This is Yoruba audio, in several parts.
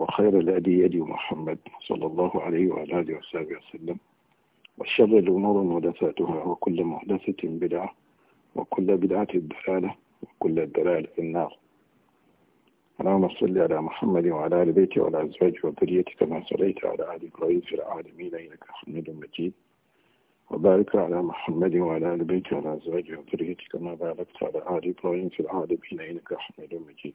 وخير الهدي يدي محمد صلى الله عليه وعلى آله وصحبه وسلم وشر الأمور محدثاتها وكل محدثة بدعة وكل بدعة ضلاله وكل الدلالة في النار اللهم صل على محمد وعلى آل بيته وعلى أزواجه وذريته كما صليت على آل إبراهيم في العالمين إنك حميد مجيد وبارك على محمد وعلى آل بيته وعلى أزواجه وذريته كما باركت على آل إبراهيم في العالمين إنك حميد مجيد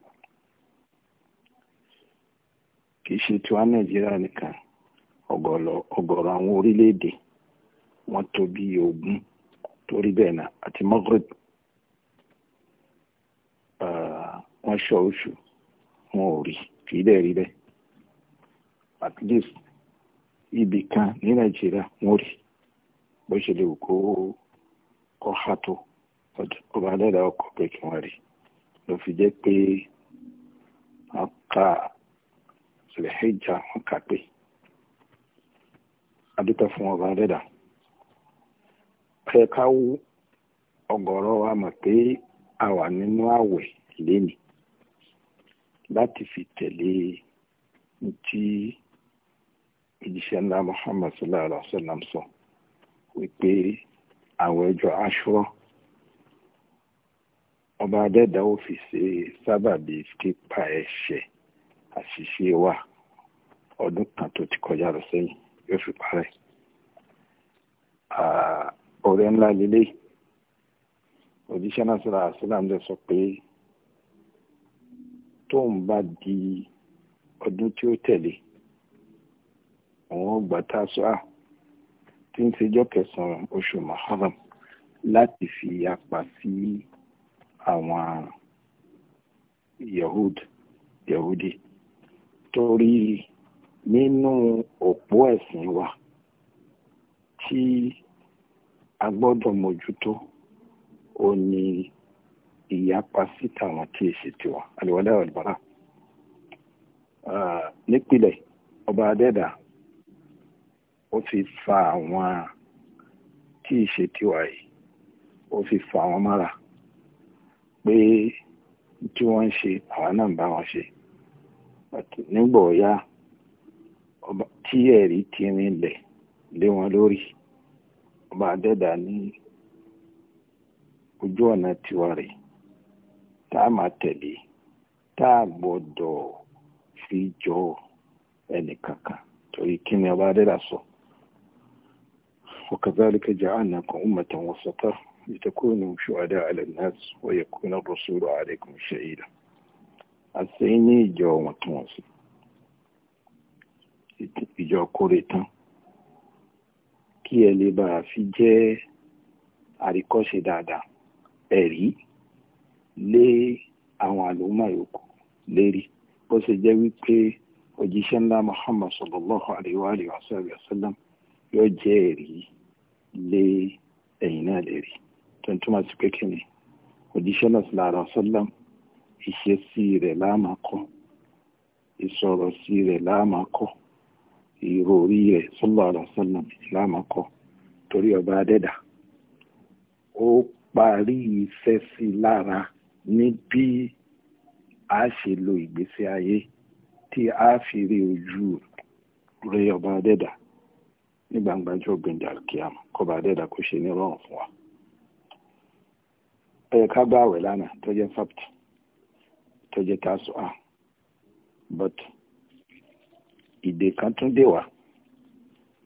kì í ṣe tiwa nàìjíríà nìkan ọ̀gọ̀rọ̀ àwọn orílẹ̀-èdè wọ́n tó bí ogún torí bẹ́ẹ̀ náà àti Maghreb wọ́n ṣọ oṣù wọn ò rí kì í dẹ̀ rí bẹ́ẹ̀ at least ibì kan ní nàìjíríà wọ́n rí bó ṣe lè kó kọ́ ha tó ọba adẹ́dàá ọkọ̀ pé kí wọ́n rí ló fi jẹ́ pé a kà zulhijja wọn kà pé adúpẹ́ fún ọba adẹ́dà ẹ ká wú ọ̀gọ̀rọ̀ wa mọ̀ pé a wà nínú àwẹ̀ lẹ́nìí láti fi tẹ̀lé tí ìjíṣẹ́ ńlá Muhammad sallallahu alaihi wa sallam sọ wípé àwọn ẹjọ́ aṣọ́ ọba adẹ́dà ó fi ṣe sábàbí pípa ẹ̀ṣẹ̀ àṣìṣe wa ọdún kan tó ti kọjá lọ sẹ́yìn yóò fi parẹ́ ọ̀rẹ́ ńlá lélẹ̀ òjíṣẹ́ náà sọ̀rọ̀ àṣìlám lè sọ pé tóun bá di ọdún tí ó tẹ̀lé àwọn ọgbà tásùá tí ń ṣejọ́ kẹsàn-án oṣù Muharram láti fi apá sí àwọn Yahud Yahudi torí nínú òpó ẹ̀sìn wa tí a gbọ́dọ̀ mójútó ó ní ìyapa sí tàwọn tí èsì tiwa àlùwádà ọ̀dùbárà nípìnlẹ̀ ọba adẹ́dà ó fi fa àwọn tí ìṣe tiwa yìí ó fi fa àwọn mára pé tí wọ́n ń ṣe àwọn náà ń bá wọn ṣe nígbà ọ̀yá tí ẹ̀rí ti rinlẹ̀ lé wọn lórí ọba adẹ́dà ní ojú ọ̀nà tiwa rẹ̀ tá a máa tẹ̀lé tá a gbọ́dọ̀ fi jọ ẹnìkankan torí kí ni ọba adẹ́dà sọ. وكذلك جعلناكم أمة وسطا لتكونوا شهداء على الناس ويكون الرسول عليكم شهيدا àṣẹ ní ìjọ wọ̀ntúnwọ̀nsì ìjọ kórè tán kí ẹ lè bá fi jẹ́ àríkọ́ṣe dáadáa ẹ̀rí lé àwọn àlùmọ̀ yòókù lérí bó ṣe jẹ́ wípé òjíṣẹ́ ńlá Muhammad sallallahu alayhi wa alihi wa sallam yóò jẹ́ ẹ̀rí lé ẹ̀yìn náà lérí tó ń túmọ̀ sí pé kí ni òjíṣẹ́ náà sallallahu alayhi wa sallam ìṣesí rẹ̀ láàmà kọ́ ìsọ̀rọ̀ sí rẹ̀ láàmà kọ́ ìròrí rẹ̀ sallallahu alaihi wasallam láàmà kọ́ torí ọba adẹ́dà ó parí iṣẹ́ sí lára ní bí a ṣe lo ìgbésí ayé tí a fi rí ojú rẹ̀ ọba adẹ́dà ní gbangba jọ gbẹ̀ndẹ̀ alkiyama kọba adẹ́dà kò ṣe ní fún wa ẹ̀ka gbáwẹ̀ lánàá tó jẹ́ sábtì tó jẹ́ ká sọ ah, but ìdè kan tún dé wa,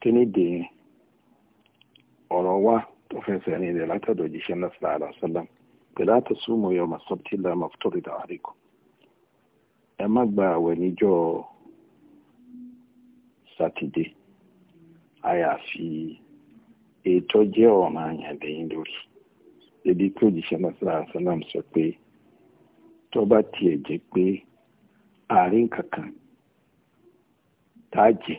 kí ni dè yẹn ọ̀rọ̀ wá tó fẹsẹ̀ ní ilẹ̀ látọ̀dọ̀ jíṣẹ́ náà sílá àlọ́sọ́lá pẹ̀lú àtọ̀súnmọ̀ yọ màsọ́tì lámà tó rí dàwáríkù ẹ má gba àwẹ̀ níjọ́ sátidé àyàfi ètò jẹ́ ọ̀ràn àyàn lẹ́yìn lórí ebi kí òjíṣẹ́ náà sílá àlọ́sọ́lá sọ pé. tó bá tiẹ̀ jẹ́ pé àárín kankan tá a jẹ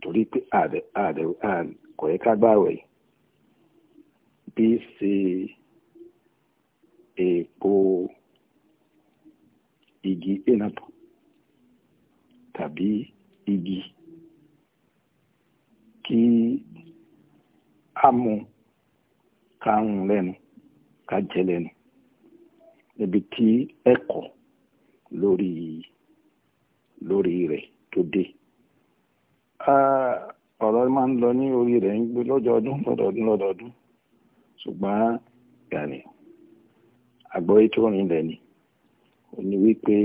torí pé ààrẹ ààrẹ kò yẹ ká igi enapo tàbí igi kí a mú ká ń lẹ́nu ká jẹ níbi tí ẹ̀kọ́ lórí lórí rẹ̀ tó dé ọ̀rọ̀ máa ń lọ ní orí rẹ̀ ń gbé lọ́dọọdún lọ́dọọdún lọ́dọọdún ṣùgbọ́n yàní àgbọ́yé tó rinlẹ̀ ni ó ní wípé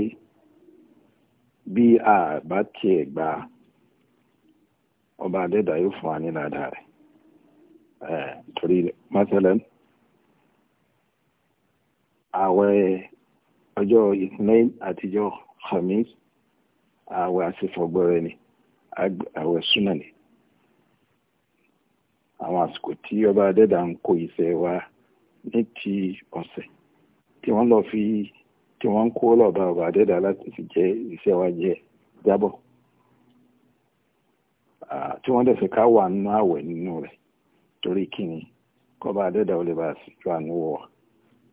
bí a bá tiẹ̀ gba ọba adẹ́dàá yóò fún wa ní ládàá rẹ̀ torí mọ́tẹ́lẹ́nu. ààwẹ̀ ọjọ́ ìpínlẹ̀ àtijọ́ khamis ààwẹ̀ àṣefọ̀gbọ̀rẹ̀ ni ààwẹ̀ súnà ni àwọn àsìkò tí ọba adẹ́dà ń kó iṣẹ́ wa ní ti ọ̀sẹ̀ tí wọ́n lọ fi tí wọ́n ń kó lọ́ba ọba adẹ́dà láti fi jẹ́ iṣẹ́ wa jẹ́ jábọ̀ tí wọ́n dẹ̀ ká wà nínú ààwẹ̀ nínú rẹ̀ torí kíni kọba adẹ́dà ó lè bá a sì jọ àánú wọ̀ wá.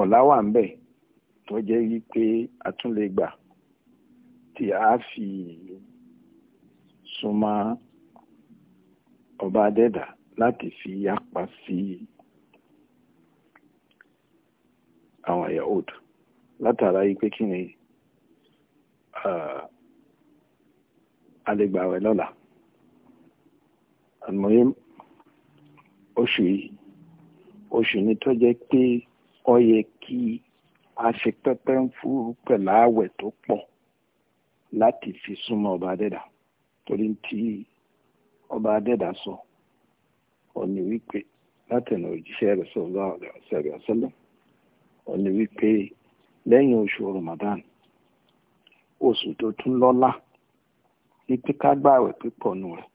ọ̀la wà ń bẹ̀ tó jẹ́ wípé a tún lè gbà tí a fi súnmọ́ ọba adẹ́dà láti fi yapa sí àwọn Yahud látara wípé kí ni a lè gbà wẹ̀ lọ́la àmọ́ oṣù yìí oṣù ni tó jẹ́ pé ó yẹ kí a ṣe pẹ́pẹ́ ń fúru pẹ̀lú ààwẹ̀ tó pọ̀ láti fi súnmọ́ ọba adẹ́dà torí tí ọba adẹ́dà sọ ọ̀nì wípé látẹ̀nà òjíṣẹ́ rẹ̀ sallallahu alaihi wasallam ọ̀nì wípé lẹ́yìn oṣù Ramadan oṣù tó tún lọ́lá ní píkágbàwẹ̀ pípọ̀ nù rẹ̀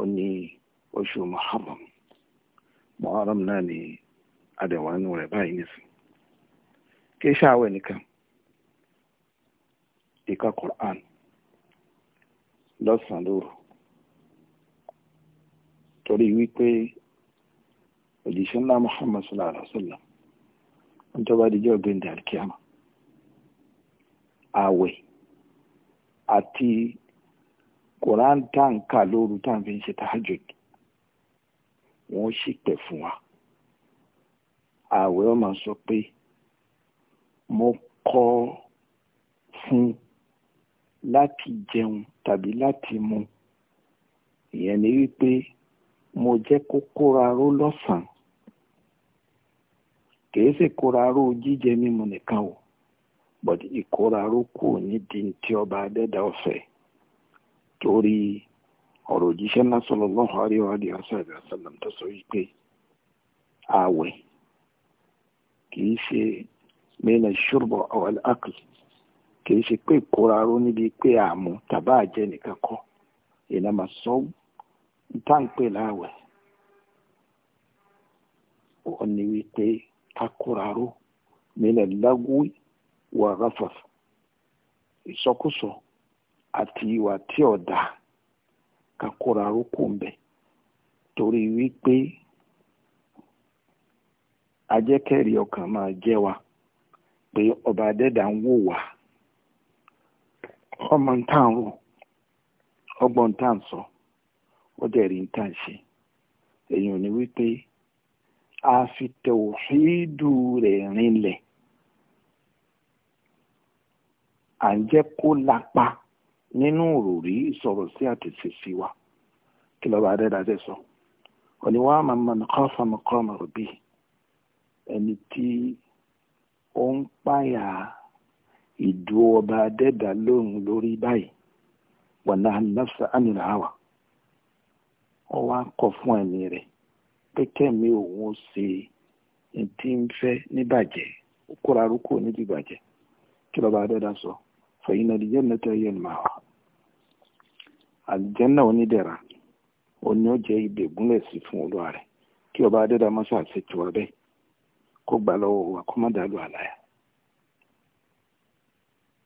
ó oṣù Muharram Muharram náà ni adẹ̀wà nù rẹ̀ báyìí nìsín kí ṣàwẹ̀ nìkan ìka Quran lọ́sàn-án lóru torí wípé òjíṣẹ́ ńlá Muhammad sallallahu alaihi wa sallam ń tó bá dijọ́ gbẹ̀ndẹ̀ alikiyama àwẹ̀ àti Quran tá ń kà lóru tá ń fi ń ṣe tahajjud wọ́n ṣì pẹ̀ fún wa. ààwẹ̀ ọmọ sọ pé mo kọ̀ fún láti jẹun tàbí láti mu ìyẹn ni wípé mo jẹ́ kó kóra lọ́sàn-án kìí sì kóra jíjẹ mímu nìkan o but ìkóra kù nídìí ọba adẹ́dà ọ̀fẹ́ torí ọ̀rọ̀ òjíṣẹ́ náà tó sọ wípé kìí ṣe mẹ́lẹ̀ ṣùrùbọ̀ ọ̀l akl kìí ṣe pé ìkóra níbi pé àmú tàbá àjẹ nìkan kọ́ ìlànà sọ táǹpé láàwẹ̀ wọ́n ní wípé kakóra ró mẹ́lẹ̀ lágúwì wà ati iwa ti ìwà tí ọ̀dà kakóra torí wípé. ajẹ́kẹ̀rí ọkàn máa je wa pé ọba adẹ́dà ń wò wá ọmọ ń tàn ọgbọ́n ń sọ ó dẹ̀ rí ń ṣe èèyàn ní wípé a fi tẹ̀wọ̀fíìdù rẹ̀ rinlẹ̀ à ń jẹ́ kó lapa nínú òròrí wa kí lọ́ba adẹ́dà so sọ. Wọ́n ni máa mọ̀ nǹkan ẹni tí ó ń páyà ìdú ọba lóhùn lórí báyìí wọ̀nà aláṣà ánìlà ó wá kọ fún ẹ̀mí rẹ̀ pé kẹ́mi òun ó ṣe ti ń fẹ́ níbàjẹ́ kóra arúgbó níbi kí lọ́ba dẹ́dà sọ fẹ̀yìn náà ìjẹ́ mẹ́ta ẹ̀yẹ ni màá wà àlìjẹ́nà onídẹ̀ra ó ibẹ̀ gúnlẹ̀ sí fún olúwa rẹ̀ kí ọba adẹ́dà mọ́ṣáà ṣe bẹ́ẹ̀. kó gbà lọ́wọ́ wa kó má dàlú àlàyé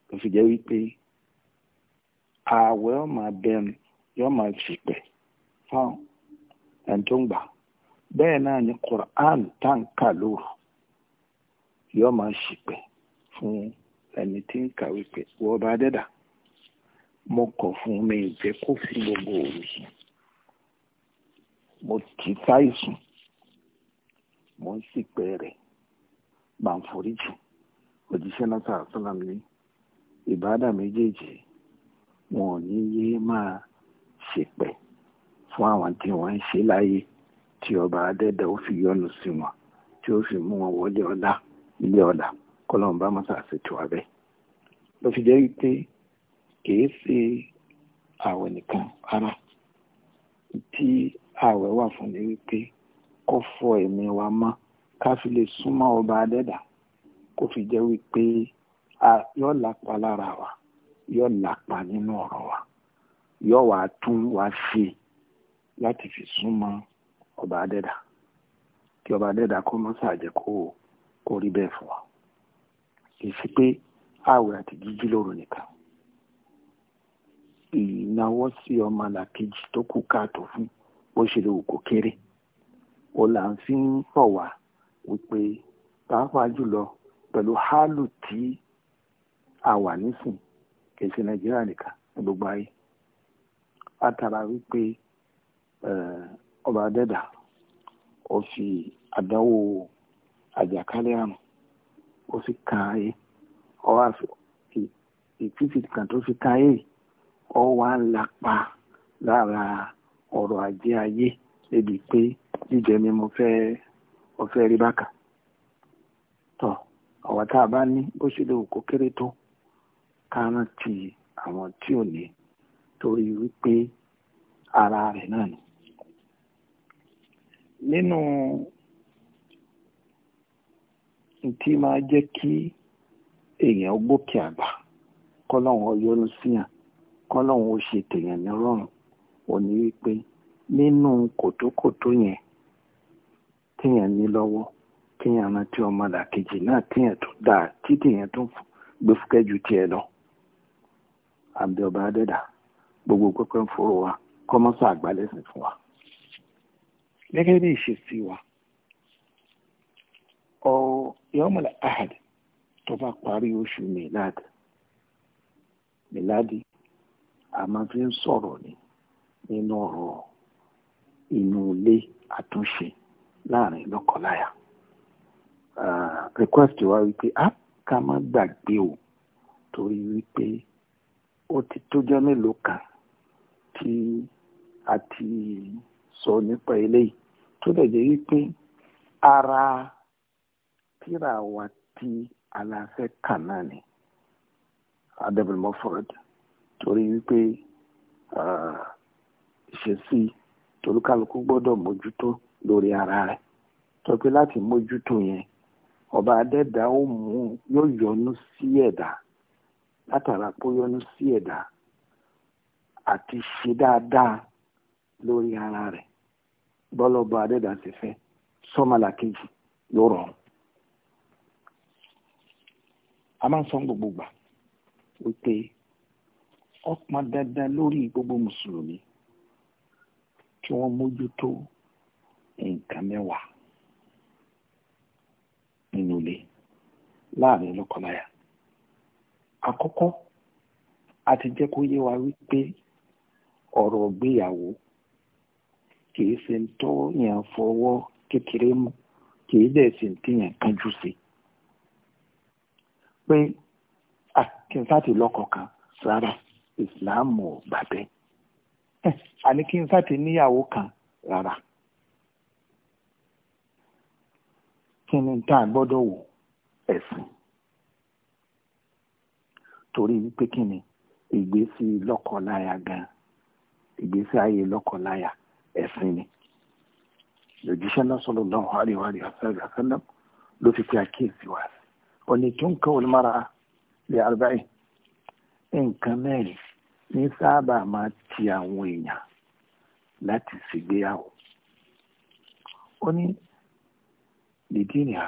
ló fi jẹ́ wípé ààwẹ̀ ọmọ abẹ́rin yóò máa ṣìpẹ̀ fún ẹni tó ń gbà bẹ́ẹ̀ náà ni Qur'an táǹkà lóru yóò máa ṣìpẹ̀ fún ẹni tí ń kà wípé wọ́n bá dẹ́dà mo kọ̀ fún mi ìjẹ́ kó fi gbogbo òru sùn mo ti sáìsùn mo ń ṣìpẹ̀ rẹ̀ gbà ń foríjì òjíṣẹ́ náà sàlám ní ìbádà méjèèjì wọn ò ní yé máa ṣèpẹ̀ fún àwọn tí wọ́n ń ṣe láyé tí ọba adẹ́dà ó fi yọ́nú sí wọn tí ó fi mú wọn wọlé ọlá ilé ọlá kọlọ́n bá mọ́tà ṣètò abẹ́ ló fi jẹ́ pé kìí ṣe àwẹ̀ nìkan rárá tí àwẹ̀ wà fún ni wípé kó fọ ẹ̀mí wa mọ́ ká fi lè súnmọ́ ọba adẹ́dà kó fi jẹ́ wípé yóò lápa lára wa yóò lápa nínú ọ̀rọ̀ wa yóò wá tún wá ṣe láti fi súnmọ́ ọba adẹ́dà kí ọba adẹ́dà kó mọ́ sàjẹ́ kó kó rí bẹ́ẹ̀ fún wa kì í sí pé àwẹ̀ àti jíjí lóru nìkan ìnáwó sí ọmọ làkejì tó kú káàtó fún bó ṣe lè wù kó kéré ó là ń fi ń pọ̀ wá wípé pàápàá jùlọ pẹ̀lú hálù tí a wà nísìn kì í ṣe nàìjíríà nìkan ní ọba adẹ́dà ó fi àdánwò àjàkálẹ̀ àrùn ó sì kan ayé ọwọ́ ìfífi kan tó fi kan ayé ọ wá ń lapa lára ọrọ̀ ajé ayé débi pé ó fẹ́ tọ bákan tọ́ tá a bá ní bó ṣe lè kó kéré tó ká rántí àwọn tí ò ní torí wípé ara rẹ náà ni. nínú tí máa jẹ́ kí èèyàn gbókè àgbà kọ́lọ́hún ó yọ́nú síyàn kọ́lọ́hún ó ṣe tèèyàn ní rọrùn ò ní wípé nínú kòtòkòtò yẹn na ní lọ́wọ́ ma rántí ọmọlàkejì náà téèyàn tó dáa tí téèyàn tó gbé fúkẹ́ ju tiẹ̀ lọ. àbí ọba adẹ́dà gbogbo pẹ́pẹ́ fòrò wa kọ́mọ́sọ àgbálẹ́sìn fún wa. gẹ́gẹ́ bí ìṣesí wa ahad pari oshu miladi a fi ni láàrin lọ́kọláya request wa wípé a ká má gbàgbé o torí wípé ó ti tójọ́ mélòó kan tí a ti sọ nípa eléyìí tó dẹ̀ jẹ́ wípé ara tíra wa ti aláfẹ́ kàn náà ni Adabul Mufrad torí wípé ìṣesí tolúkálukú gbọ́dọ̀ mójútó. lórí ara rẹ̀ tọ́pẹ́ láti mójútó yẹn ọba adẹ́dá ó mú yóò yọ́nú sí ẹ̀dá látara pé ó yọ́nú sí ẹ̀dá àti ṣe dáadáa lórí ara rẹ̀ bọ́lọ́bọ adẹ́dá sì fẹ́ sọ́mọlá kejì ló rọrùn. a máa ń sọ gbogbo gbà wípé ó pọn dandan lórí gbogbo mùsùlùmí kí wọ́n mójútó nǹkan mẹ́wàá nínú ilé láàrin lọ́kọláya àkọ́kọ́ a ti jẹ́ kó yé wa wípé ọ̀rọ̀ ìgbéyàwó kìí ṣe ń tọ́ yàn fọwọ́ kékeré mú kìí dẹ̀ ṣe ń tẹ̀yàn kánjú sí pé kí lọ́kọ̀ kan rárá ìsìláàmù ò gbà bẹ́ẹ̀ a ní níyàwó kan rárá. kí ni tá a gbọ́dọ̀ wò ẹ̀sìn torí wípé kí ni ìgbésí lọ́kọláya gan ìgbésí ayé lọ́kọláya ẹ̀sìn ni lójúṣẹ́ náà sallallahu alaihi wa sallam ló fi pe àkíyèsí wá sí ó ní tunkahul mar'a li arba'in nǹkan mẹ́rin ní sábà máa ti àwọn èèyàn láti ṣègbéyàwó ó ní dìdínì à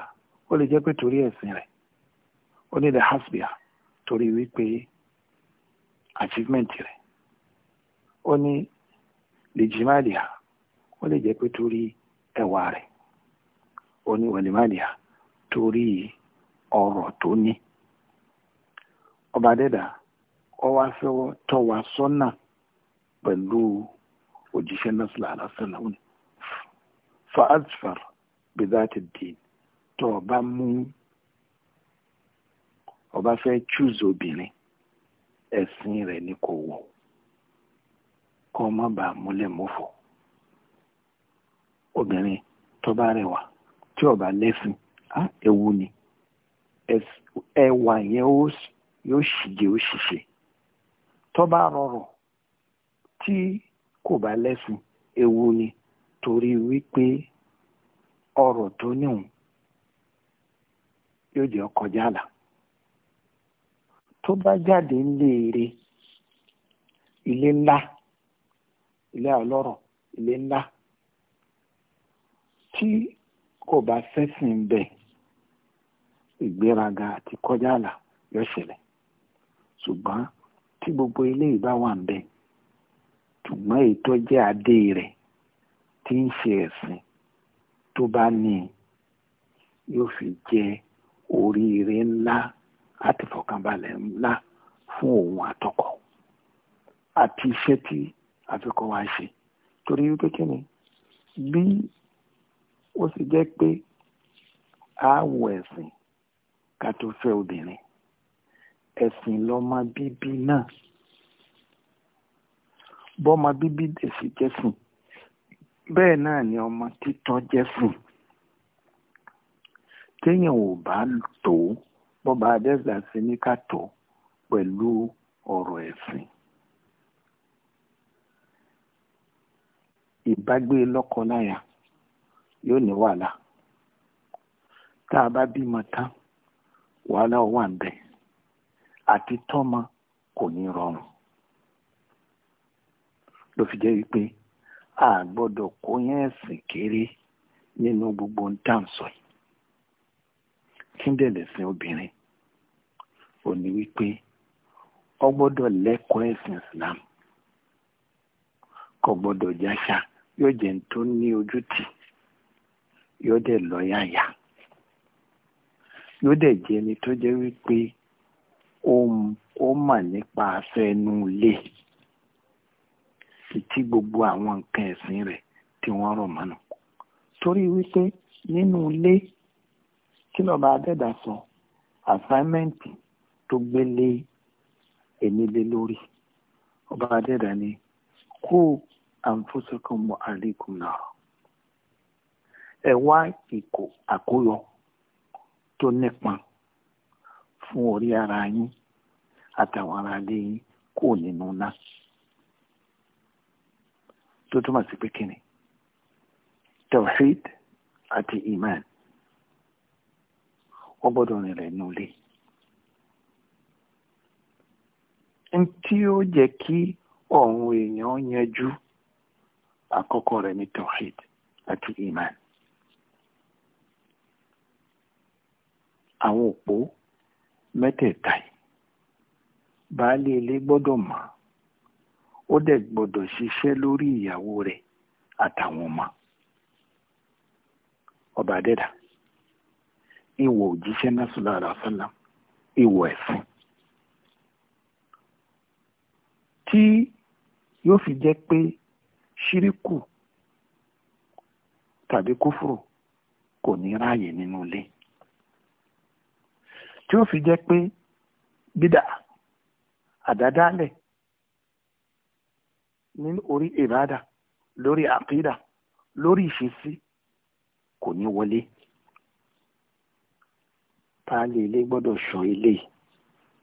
ó lè jẹ́ pé torí ẹ̀sìn rẹ̀ ó ní the hasbia torí wípé achievement rẹ̀ ó ní lèjìmáàlìà ó lè jẹ́ pé torí ẹwà rẹ̀ ó ní wẹ̀lìmáàlìà torí ọ̀rọ̀ tó ní ọba dẹ́dà ọ wá fẹ́ tọ́ wa sọ́nà pẹ̀lú òjíṣẹ́ náà sílẹ̀ àlásìlẹ̀ òní fa azfar bidati din tó o bá mú o bá fẹ́ chúùsì obìnrin ẹ̀sìn rẹ̀ ni kò wọ̀ kó o má bàa múlẹ̀ mọ́fọ̀ obìnrin tó bá rẹwà tí o bá lẹ́sìn á ewu ni ẹwà yẹn yóò ṣìjẹ ó ṣìṣe tó bá rọrọ̀ tí kò bá lẹ́sìn ewu ni torí wípé ọ̀rọ̀ tó níhùn yóò jẹ́ ọkọjá àlà tó bá jáde nílé eré ilé ńlá ilé ọlọ́rọ̀ ilé ńlá tí kò bá sẹ́sìn bẹ̀ ìgbéraga àti kọjá àlà yóò ṣẹlẹ̀ ṣùgbọ́n tí gbogbo ilé ìbá wà ń bẹ̀ ṣùgbọ́n èyí jẹ́ adé rẹ̀ tí ń ṣe ẹ̀sìn tó bá ní yóò fi jẹ oríire ńlá àti fọkànbalẹ̀ ńlá fún òun àtọkọ àti iṣẹ́ tí àfikọ́ wa ṣe torí wípé kí ni bí ó sì jẹ́ pé aáwọ̀ ẹ̀sìn ká tó fẹ́ obìnrin ẹ̀sìn lọ́mọ bíbí náà bọ́mọ bíbí dẹ̀ sì jẹ́sìn bẹ́ẹ̀ náà ni ọmọ títọ́ jẹ́ fún téèyàn ò bá tó bọ́ba adẹ́gbà sí ní ká tó pẹ̀lú ọ̀rọ̀ ẹ̀sìn ìbágbé lọ́kọláya yóò ní wàhálà tá a bá bímọ tán wàhálà ó wà ń bẹ àti tọ́mọ kò ní rọrùn ló jẹ́ wípé a gbọ́dọ̀ kó ẹ̀sìn nínú gbogbo ń yìí kí n dẹ̀lẹ̀ sin obìnrin ò ní wípé ọ gbọ́dọ̀ lẹ́kọ̀ọ́ ẹ̀sìn Islam kò gbọ́dọ̀ jáṣà yóò jẹ́ ń tó ní ojútì yóò dẹ̀ lọ́yàyà yóò dẹ̀ jẹ́ ẹni tó jẹ́ wípé ó tí gbogbo àwọn nǹkan ẹ̀sìn rẹ̀ tí wọ́n rọ̀ mọ́nà torí wípé nínú ilé kí lọ́ba adẹ́dà sọ àsáímẹ́ǹtì tó gbélé èmi lé lórí ọba adẹ́dà ni kó àǹfọ̀sọ́kàn mọ́ àríkùn náà ẹ wá ìkó àkóyọ tó nípọn fún orí ara yín àtàwọn ara lé yín kò nínú náà tó túmọ̀ sí pé kíni tawhid àti iman wọ́n gbọ́dọ̀ rìnrìn inú ilé tí ó jẹ́ kí ọ̀run èèyàn yanjú àkọ́kọ́ rẹ̀ ní tawhid àti iman àwọn òpó mẹ́tẹ̀ẹ̀ta yìí baálé ilé gbọ́dọ̀ mọ̀ ọ́ ó dẹ̀ gbọ́dọ̀ ṣiṣẹ́ lórí ìyàwó rẹ̀ àtàwọn ọmọ ọba dẹ́dà ìwọ̀ òjíṣẹ́ náà sọ̀rọ̀ àràfẹ́lá ìwọ̀ ẹ̀sìn tí yóò fi jẹ́ pé ṣíríkù tàbí kúfùrù kò ní ráàyè nínú ilé tí ó fi jẹ́ pé bídà àdádálẹ̀ ní orí ìbádà lórí àkídà lórí ìṣesí kò ní wọlé táàlì ilé gbọ́dọ̀ sọ ilé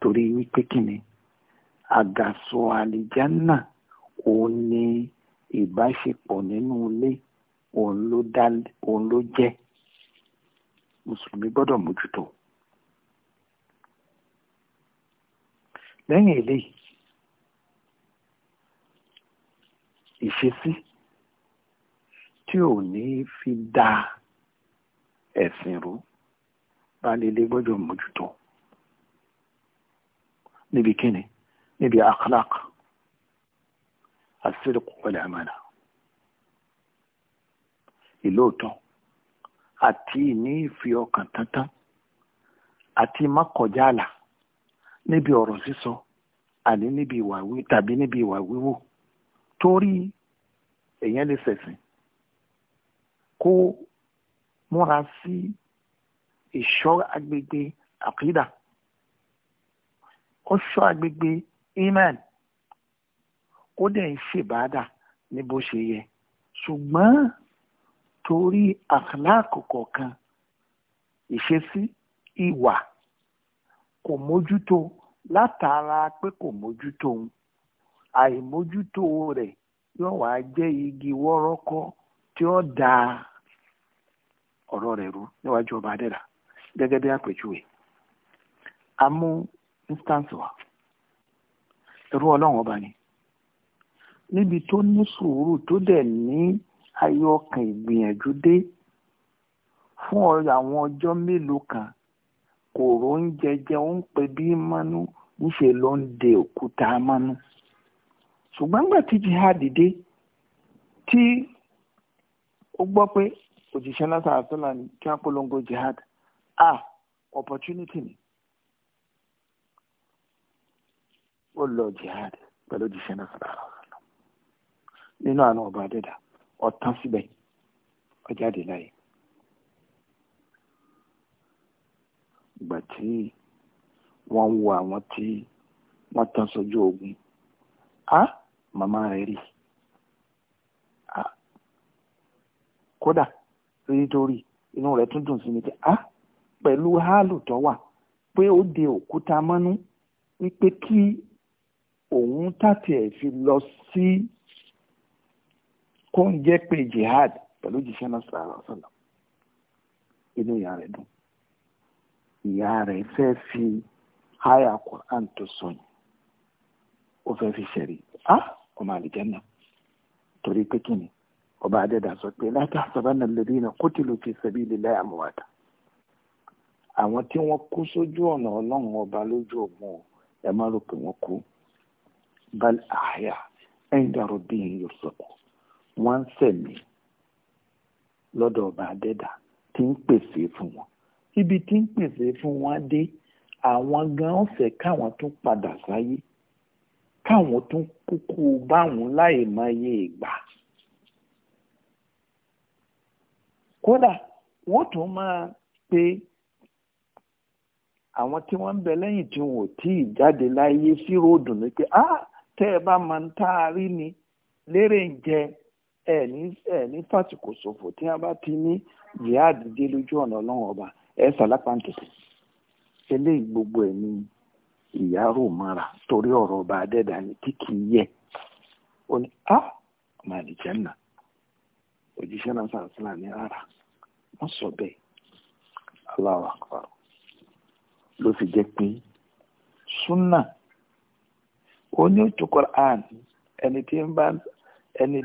torí wípé kíni àgàsọ àlìjánà òun ni ìbáṣepọ̀ nínú ilé òun ló jẹ́ mùsùlùmí gbọ́dọ̀ mójútó lẹ́yìn eléyìí ìṣesí tí ò ní fi da ẹ̀sìn rú balẹ̀lẹ̀ gbọ́dọ̀ mójútó níbi kíni níbi akhlaq as-sidq wal-amana ìlóòótọ́ àti ní ìfi ọkàn tántán àti mọ́kànjáàlà níbi ọ̀rọ̀ sísọ àní níbi ìwà tàbí níbi ìwà wíwò torí èèyàn lè ṣẹ̀sìn kó múra sí ìṣọ́ agbègbè àkídà ó ṣọ́ agbègbè iman ó dẹ̀ ń ṣèbáadà ní bó ṣe yẹ ṣùgbọ́n torí àkàlákò kọ̀ọ̀kan ìṣesí ìwà kò mójútó látara pé kò mójútó òun àìmójútó rẹ̀ yóò wá jẹ́ igi wọ́rọ́kọ́ tí ó da ọ̀rọ̀ rẹ̀ rú níwájú ọba adẹ́dà gẹ́gẹ́ bí àpèjúwe a mú instance wa ẹrú ọlọ́run ọba ni níbi tó ní sùúrù tó dẹ̀ ní ayọ̀kàn ìgbìyànjú dé fún àwọn ọjọ́ mélòó kan kò rò ń jẹjẹ ó ń pè bí mánú níṣẹ́ ló ń de òkúta mánú ṣùgbọ́n gbà tí jihad dé tí ó gbọ́ pé òjíṣẹ́ lásán àtúnlá ni kí wọ́n polongo jihad a opportunity ni ó lọ jihad pẹ̀lú òjíṣẹ́ lásán àtúnlá nínú àná ọba àdẹ́dà ọ̀tán síbẹ̀ ọjáde láyé. ìgbà tí wọ́n ń wo àwọn tí wọ́n tán sójú ogun ah Mama rẹ̀ rí kódà rí torí inú rẹ̀ tún dùn sí mi pé ah pẹ̀lú háàlù tó wà pé ó de òkúta mọ́nú wípé kí òun tàtí ẹ̀ fi lọ sí kó pé jihad pẹ̀lú jíṣẹ́ náà sọ̀rọ̀ sọ̀rọ̀ inú ìyá rẹ̀ dùn ìyá rẹ̀ fẹ́ fi háyà Quran tó sọ ó fẹ́ fi ṣẹ̀rí ah ọmọ àlìjẹ́nà torí pé kí ni ọba adẹ́dà sọ pé la tahsabanna alladhina qutilu fi sabilillahi amwata àwọn tí wọ́n kú sójú ọ̀nà ọlọ́run ọba lójú ogun o ẹ má rò pé wọ́n kú bal ahya inda rabbihim yurzaqu wọ́n ń sẹ̀mí lọ́dọ̀ ọba adẹ́dà tí ń pèsè fún ibi tí ń pèsè fún wọn dé àwọn gan ọ̀sẹ̀ káwọn tún padà sáyé káwọn tún kúkú báwọn láì mọye ìgbà kódà wọ́n tún máa pe àwọn tí wọ́n ń bẹ lẹ́yìn tí wọn ò tí ì jáde láyé sí ròdùn ni pé ah tẹ́ ẹ bá máa ń tá a rí ni lérè ń jẹ ẹ ní ẹ ní fàtìkò ṣòfò tí wọ́n bá ti ní jihad dé lójú ọ̀nà ọlọ́run ọba ẹ sàlápàǹtẹ̀tẹ̀ eléyìí gbogbo ẹ̀ ni. ìyá rò torí ọ̀rọ̀ ọba adẹ́dà ni tí kì í yẹ ó ní á ọmọ àdìjẹ́ nà òjíṣẹ́ náà sàásìlà ní wọ́n sọ bẹ́ẹ̀ Allahu ló fi jẹ́ pé súnà ó ní òtún Qur'an ẹni tí ń bá ẹni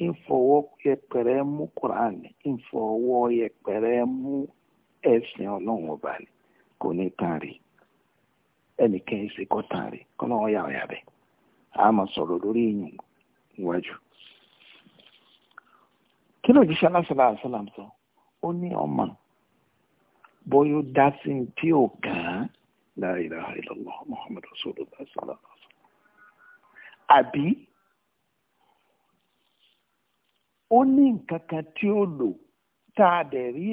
ń fọwọ́ yẹpẹrẹ mú kuraani ń yẹpẹrẹ mú ẹ̀sìn ọlọ́run ọba ni kò ní tán rí ẹnìkan ẹ̀ kọ́ tán rí kọ́ náà wọ́n yà ọ̀yà bẹ́ẹ̀ a máa sọ̀rọ̀ lórí ìyún iwájú. kí ló jíṣẹ́ lásìlá àṣìlá sọ ó ní ọmọ bóyá dá sí tí ò kàn án ó ní nǹkan kan tí ó lò tá a dẹ̀ rí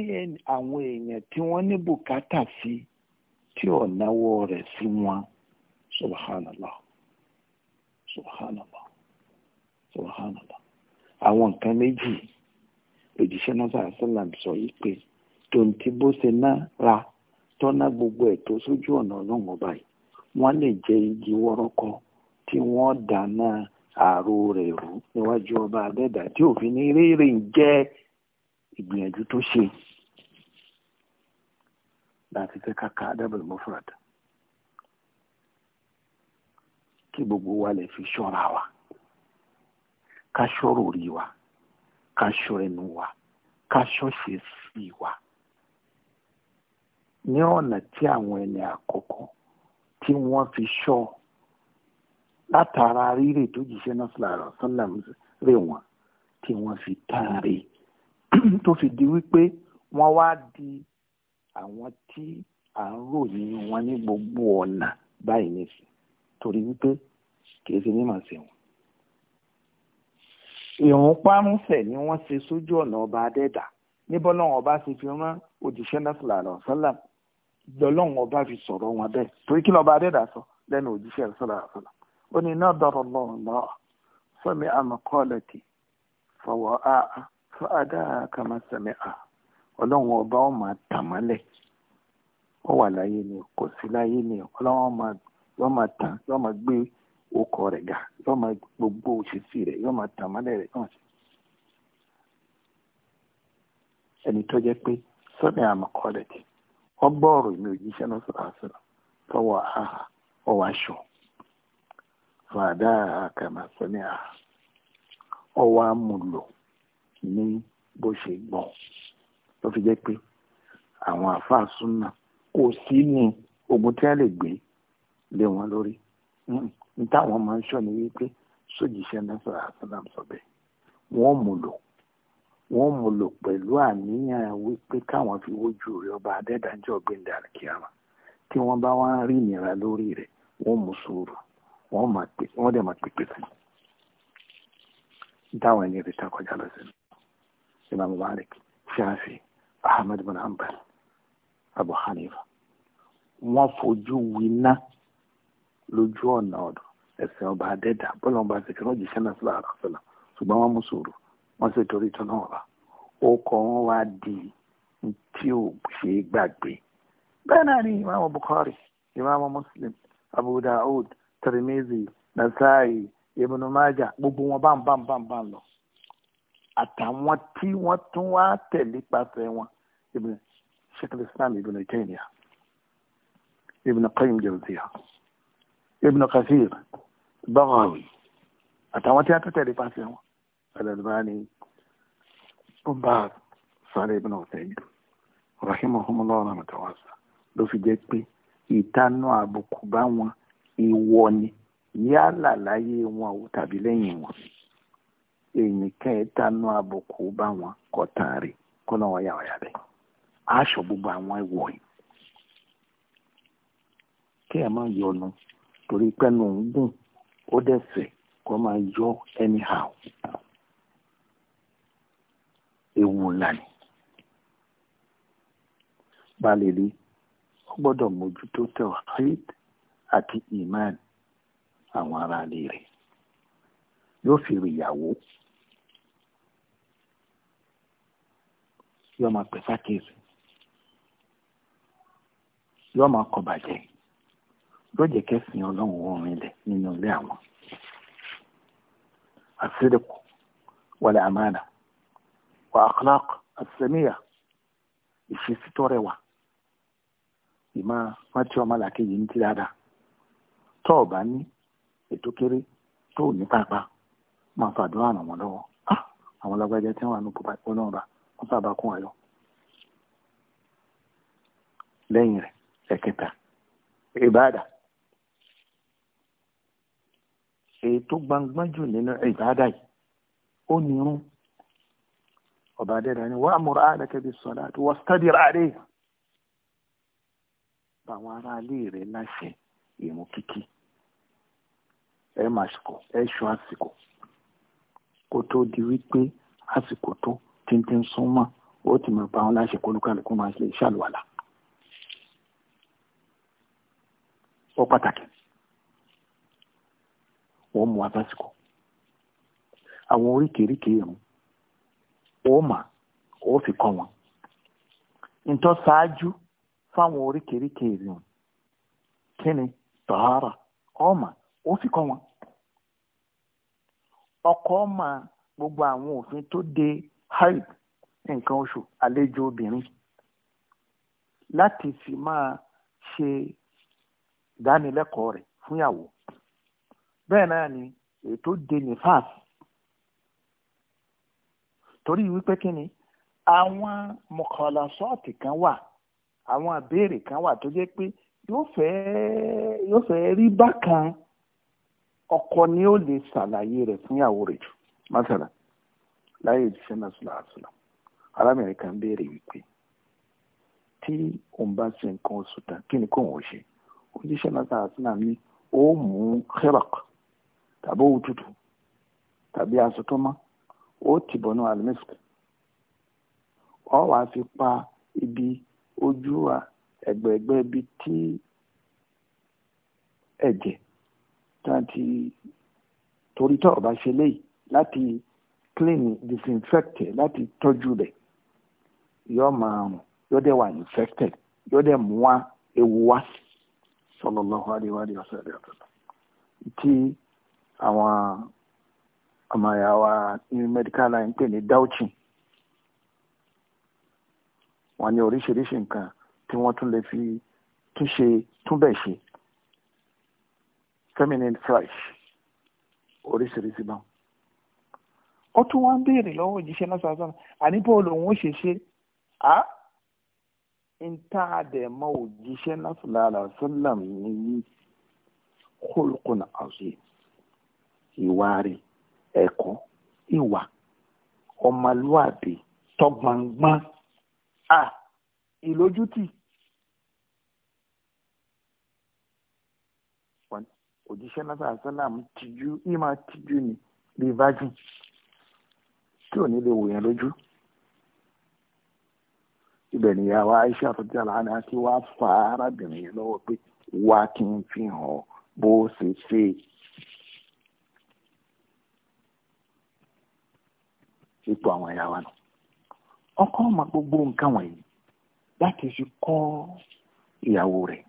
àwọn èèyàn tí wọ́n ní bùkátà sí tí ò náwó rẹ̀ sí wọn subhanallah subhanallah subhanallah àwọn nǹkan méjì òjíṣẹ́ náà sàásìlám sọ yìí pé tòǹtì bó ṣe náà ra tọ́ná gbogbo ẹ̀ tó sójú ọ̀nà ọlọ́run ọba yìí wọ́n lè jẹ igi wọ́rọ́kọ́ tí wọ́n dáná ààrò rẹ̀ rú níwájú ọba adẹ́dà tí òfin ní rere ń jẹ́ ìgbìyànjú tó ṣe láti fẹ́ káka adábọ̀lù mufrad kí gbogbo wa lè fi ṣọ́ra wa ká ṣọ́rọ̀ orí wa ká ṣọ́ ẹnu wa ká ṣọ́ṣe sí wa ní ọ̀nà tí àwọn ẹni àkọ́kọ́ tí wọ́n fi ṣọ́ ọ látara rírè tó jíṣẹ́ náà sílára sọ́làm rè wọ́n tí wọ́n fi táre tó fi di wípé wọ́n wá di àwọn tí à ń ròyìn wọn ní gbogbo ọ̀nà báyìí nìsín torí wípé kìí ṣe mímọ̀ sí wọn. ìrùn párúnfẹ̀ ni wọ́n ṣe sójú ọ̀nà ọba adẹ́dà níbọ̀ lọ́wọ́n ọba ṣe fi rán òjíṣẹ́ náà sílára sọ́làm lọ́lọ́wọ́n ọba fi sọ̀rọ̀ wọn bẹ́ẹ̀ torí kí lọ́ba adẹ́dà sọ lẹ́nu òjíṣẹ́ náà sílára ó ní nadara Allah sami'a maqalati fawa'aha fa'adaha kama sami'a ọlọ́run ọba ó máa tàn mọ́lẹ̀ ó wà láyé ni kò sí láyé ni ọlọ́run yóò máa tàn yóò máa gbé okọ rẹ̀ ga yóò máa gbogbo òṣìṣì rẹ̀ yóò máa tàn mọ́lẹ̀ rẹ̀ náà sí. ẹni tó jẹ́ pé sọ́dọ̀ àmọ́kọ́lẹ̀ tí wọ́n gbọ́ ọ̀rọ̀ mi òjíṣẹ́ náà sọ̀rọ̀ àṣọ fọwọ́ àhà ọwọ́ aṣọ fàdá àkàmàsọ́nìà ọwọ́ àmúlò ní bó ṣe gbọ́n ló fi jẹ́ pé àwọn àáfàá súnà kò sí ní ogun tí wọ́n lè gbé lé wọn lórí hmm. ní máa ń sọ ni wípé sójìṣẹ́ nasara asalam sọ bẹ́ẹ̀ wọ́n múlò wọ́n múlò pẹ̀lú àníyàn wípé káwọn fi wójú rẹ̀ ọba adẹ́dájọ́ gbẹ̀ndà kíáma tí wọ́n bá wá ń rí ìnira lórí rẹ̀ wọ́n mú sùúrù wọ́n máa pè wọ́n dẹ̀ máa pèpè sí dáwọn ẹni rẹ̀ takọjá lọ sí Imam Malik Shafi Ahmad bin Hanbal Abu Hanifa wọ́n fojú winá lójú ọ̀nà ọ̀dọ̀ ẹ̀sìn ọba adẹ́dà bọ́lá ọba àtẹ̀kẹ́ wọ́n jíṣẹ́ náà sílára sílá ṣùgbọ́n wọ́n mú sòrò wọ́n sì torí tọ́nà ọ̀la ó kọ́ wọn wá di tí ò ṣe é gbàgbé bẹ́ẹ̀ náà ni Imam Bukhari Imam Muslim Abu Daoud. Tirimizi Nasai Ibn Majah gbogbo wọn bá ń bá ń bá ń bá ń lọ àtàwọn tí wọ́n tún wá tẹ̀lé pàṣẹ wọn Ibn Sheikh Islam Ibn Taymiyyah Ibn Qayyim Jawziyah Ibn Kathir Baghawi àtàwọn tí wọ́n tún tẹ̀lé pàṣẹ wọn Al-Albani Bombaz Salih Ibn Uthaymeen rahimahumullah ló fi jẹ́ pé ìtanú àbùkù bá wọn. ìwọ ni yálà láyé wọn ò tàbí lẹ́yìn wọn èyí kẹta nu àbùkù bá wọn kọta rè kọ́nà wọn yà aṣọ gbogbo àwọn ìwọ kí ẹ má yọnu torí pẹ́nu ń gùn ó dẹ̀ fẹ̀ kó máa yọ ewu ńlá ni balẹ̀ rí ó gbọ́dọ̀ mójútó tẹ̀ wá àti iman àwọn ará ilé rẹ̀ yóò fi rí ìyàwó yóò máa pè sákèsì yóò máa kọ bàjẹ́ yóò jẹ́ kẹ́sìn ọlọ́run orin lẹ̀ nínú ilé àwọn الصدق والأمانة وأخلاق السمية ìṣesí tó rẹwà ìmọ̀ wọ́n tí ọmọ làkejì ń dáadáa t'ọ o ní ètò kéré tó ní pàápàá máa fàdúrà ràn wọ́n lọ́wọ́ ah! àwọn lágbájá tí wọ́n wà ní ọlọ́run ọba wọ́n sábà kún lẹ́yìn rẹ̀ ẹ̀kẹta ìbáàdà èyí tó gbangban jù nínú ìbáàdà yìí ó ní irun ọba adẹ́dàá ni múra àdàkẹ́ bí tó wọ́n báwọn aráalé rẹ̀ láṣẹ kíkí ẹ máa ṣùkọ ẹ ṣọ àsìkò kó tó di wípé àsìkò tó tíntín súnmọ́ ó ti mọ̀ bá wọn láṣẹ kólúkálukú máa ṣe ìṣàlùwàlà. ó pàtàkì wọ́n mú àtàsìkò àwọn oríkèéríkèé ẹ̀mú ó mà ó fi kọ́ wọn ntọ́ ṣáájú fáwọn oríkèéríkèé ẹ̀mú kí ni tọ́hárà ọ̀mà ó sì kọ́ wọn. ọkọ mà gbogbo àwọn òfin tó de haid nǹkan oṣù àlejò obìnrin láti fi máa ṣe ìdánilẹ́kọ̀ọ́ rẹ̀ fúnyàwó bẹ́ẹ̀ náà ni ètò de nifas torí wípé kí ni àwọn mọ̀kànlá sọ́ọ̀tì kan wà àwọn àbẹ́ẹ̀rẹ̀ kan wà tó jẹ́ pé yóò fẹ́ yóò fẹ́ rí bákan ọkọ ni ó lè ṣàlàyé rẹ̀ fún ìyàwó rẹ̀ jù mọ́tàlá láyé ìjíṣẹ́ náà sùlá àṣùlá arábìnrin kan béèrè wípé tí òun bá ṣe nǹkan oṣù tán kí ni kóun ò ṣe òjíṣẹ́ náà sàrà sínú àmì ó mú kẹ́rọ̀k tàbí owó tútù tàbí aṣọ tó mọ́ ó ti bọ̀nú alimisk ọ wá fi pa ibi ojú wa ẹ̀gbẹ̀ẹ̀gbẹ́ ibi tí ẹ̀jẹ̀ tàǹtì torí tó ọba ṣe léyìí láti clean disinfect láti tọ́jú rẹ̀ yóò máa rùn yóò dẹ̀ wà infected yóò dẹ̀ mú wa ewu wa sallallahu alaihi wa sallam tí àwọn ọmọ ìyá wa ní medical line pè ní dauchin wọn ní oríṣiríṣi nǹkan tí wọ́n tún lè fi túnṣe túnbẹ̀ ṣe feminine fresh oríṣiríṣi náà ó tún wá ń béèrè lọ́wọ́ òjíṣẹ́ náà sọ̀rọ̀ sọ̀rọ̀ àní bó lòun ó ṣe ṣe á ń tá a dẹ̀ mọ òjíṣẹ́ náà sọ̀rọ̀ àlàsọ́làm ní kólkùn àṣẹ ìwà rẹ̀ ẹ̀kọ́ ìwà ọmọlúwàbí tọgbọ̀ngbọ́n à ìlójútì. òjíṣẹ́ náà sálàmù tìjú yìí máa tìjú ni bí virgin tí ò ní lè wò yẹn lójú ibẹ̀ nìyàwó Aisha àtọ́jú àlàáni àti wàá fa arábìnrin yẹn lọ́wọ́ pé wá kí n fi hàn bó ṣe ṣe. ipò àwọn ẹ̀yà wa nù ọkọ ọmọ gbogbo nǹkan wọ̀nyí láti fi kọ́ ìyàwó rẹ̀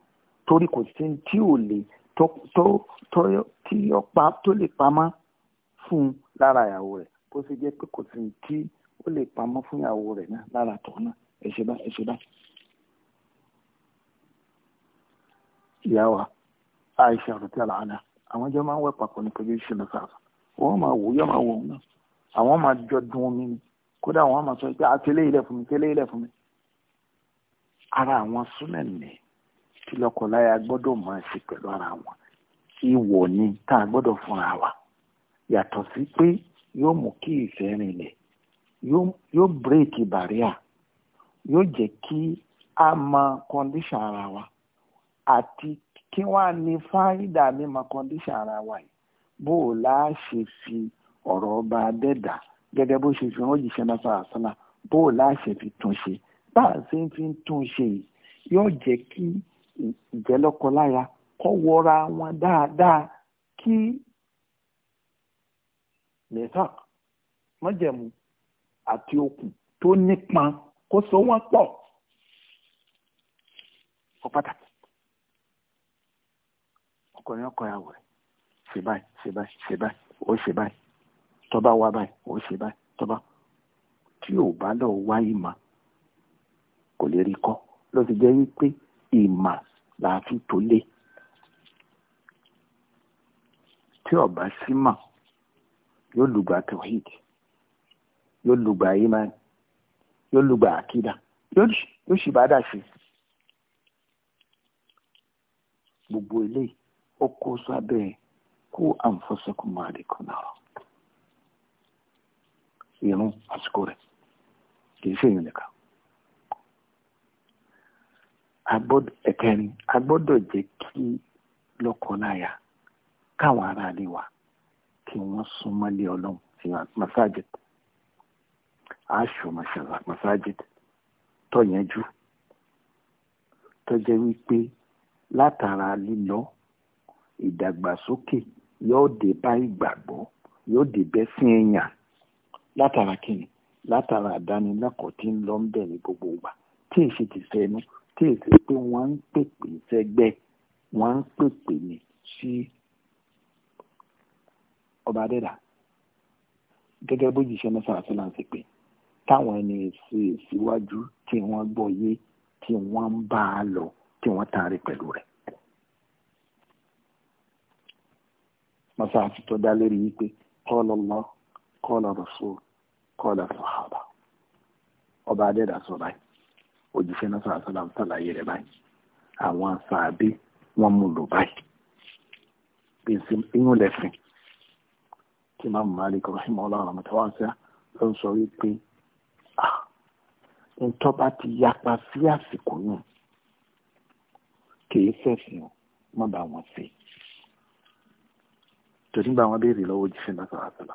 torí kò sí tí ò lè tó tó tó tí ó pa tó lè pamọ́ fún un lára ìyàwó rẹ̀ kó sì jẹ́ pé kò sí tí ó lè pamọ́ fún ìyàwó rẹ̀ náà lára tó náà ẹ ṣe bá ẹ ṣe bá. ìyàwó Aisha rọ̀tí àlàáńdà àwọn jọ máa ń wẹ̀ papọ̀ ní pẹ̀lú ìṣẹ̀lẹ̀ sáà wọ́n máa wò yọ́ máa wò náà àwọn máa jọ dun omi ni kódà wọ́n máa sọ pé àtẹlẹ́yìn lẹ̀ fún mi tẹ́lẹ́yìn lẹ̀ fún mi ara àwọn súnmẹ̀ nìyẹn tí lọ́kọláya gbọ́dọ̀ máa ṣe pẹ̀lú ara wọn ìwọ ni tá a gbọ́dọ̀ fúnra wa yàtọ̀ sí pé yóò mú kí ìfẹ́ rinlẹ̀ yóò bírèkì bàríà yóò jẹ́ kí a mọ kọ́ndíṣàn ara wa àti kí wọ́n á ní fáyidà mímọ kọ́ndíṣàn ara wa yìí bó o láà ṣe fi ọ̀rọ̀ ọba adẹ́dà gẹ́gẹ́ bó ṣe fi wọ́n jíṣẹ́ náà bó o láà ṣe fi tún ṣe bá a ṣe ń fi tún ṣe yìí yóò jẹ́ kí ìjẹ́lọ́kọláya kọ́ wọra wọn dáadáa kí mẹ́sàk mọ́jẹ̀mú àti okùn tó nípọn kó so wọ́n pọ̀ ó pàtàkì ọkùnrin ọkọ ìyàwó rẹ̀ ṣe báyìí ṣe báyìí ṣe báyìí ó ṣe báyìí tọ́ba wá báyìí ó ṣe báyìí tọ́ba tí ò bá lọ wá ìmọ̀ kò lè rí kọ́ ló fi jẹ́ wípé ìmà láàfin tó lé tí ọba símà yóò lùgbà tawhid yóò lùgbà iman yóò lùgbà akida yóò sì bá dà sí gbogbo eléyìí ó kó sábẹ́ kó àǹfọ̀sọ́kùn máa rí kan náà irun àsìkò rẹ̀ kì í ṣèyàn nìkan ẹ̀kẹrin a gbọ́dọ̀ jẹ́ kí lọ́kọláya káwọn aráalé wa kí wọ́n súnmọ́lé ọlọ́run sí masajid aṣọ masajid tó yanjú tó jẹ́ wípé látara lílọ ìdàgbàsókè yóò dé bá ìgbàgbọ́ yóò dé bẹ́ sí èèyàn látara kíni látara àdánilẹ́kọ̀ọ́ tí ń lọ ń bẹ̀ ní gbogbo ìgbà tí èsì ti fẹ́ kí èsì pé wọ́n ń pèpè sẹ́gbẹ́ wọ́n ń pèpè ní sí ọba dẹ́dà gẹ́gẹ́ bó jìṣẹ́ náà sàrà sílá ń ṣe pé táwọn ẹni ṣe síwájú tí wọ́n gbọ́ yé tí wọ́n bá a lọ tí wọ́n taari pẹ̀lú rẹ̀. masáàsì tó dá lórí yìí pé qala Allah qala Rasul qala Sahaba ọba adẹ́dà sọ báyìí òjíṣẹ́ náà sọ̀rọ̀ sọ́lá ṣàlàyé rẹ̀ báyìí àwọn sàábé wọ́n mú lò báyìí bí sí inú lẹ́sìn kí máa Malik rahimahullah mọ̀tàwáṣá ló ń sọ wípé ntọ́ bá ti yapa sí àsìkò náà kìí ṣẹ̀sìn má bá wọn ṣe tòní bá wọn béèrè lọ́wọ́ òjíṣẹ́ náà sọ̀rọ̀ sọ́lá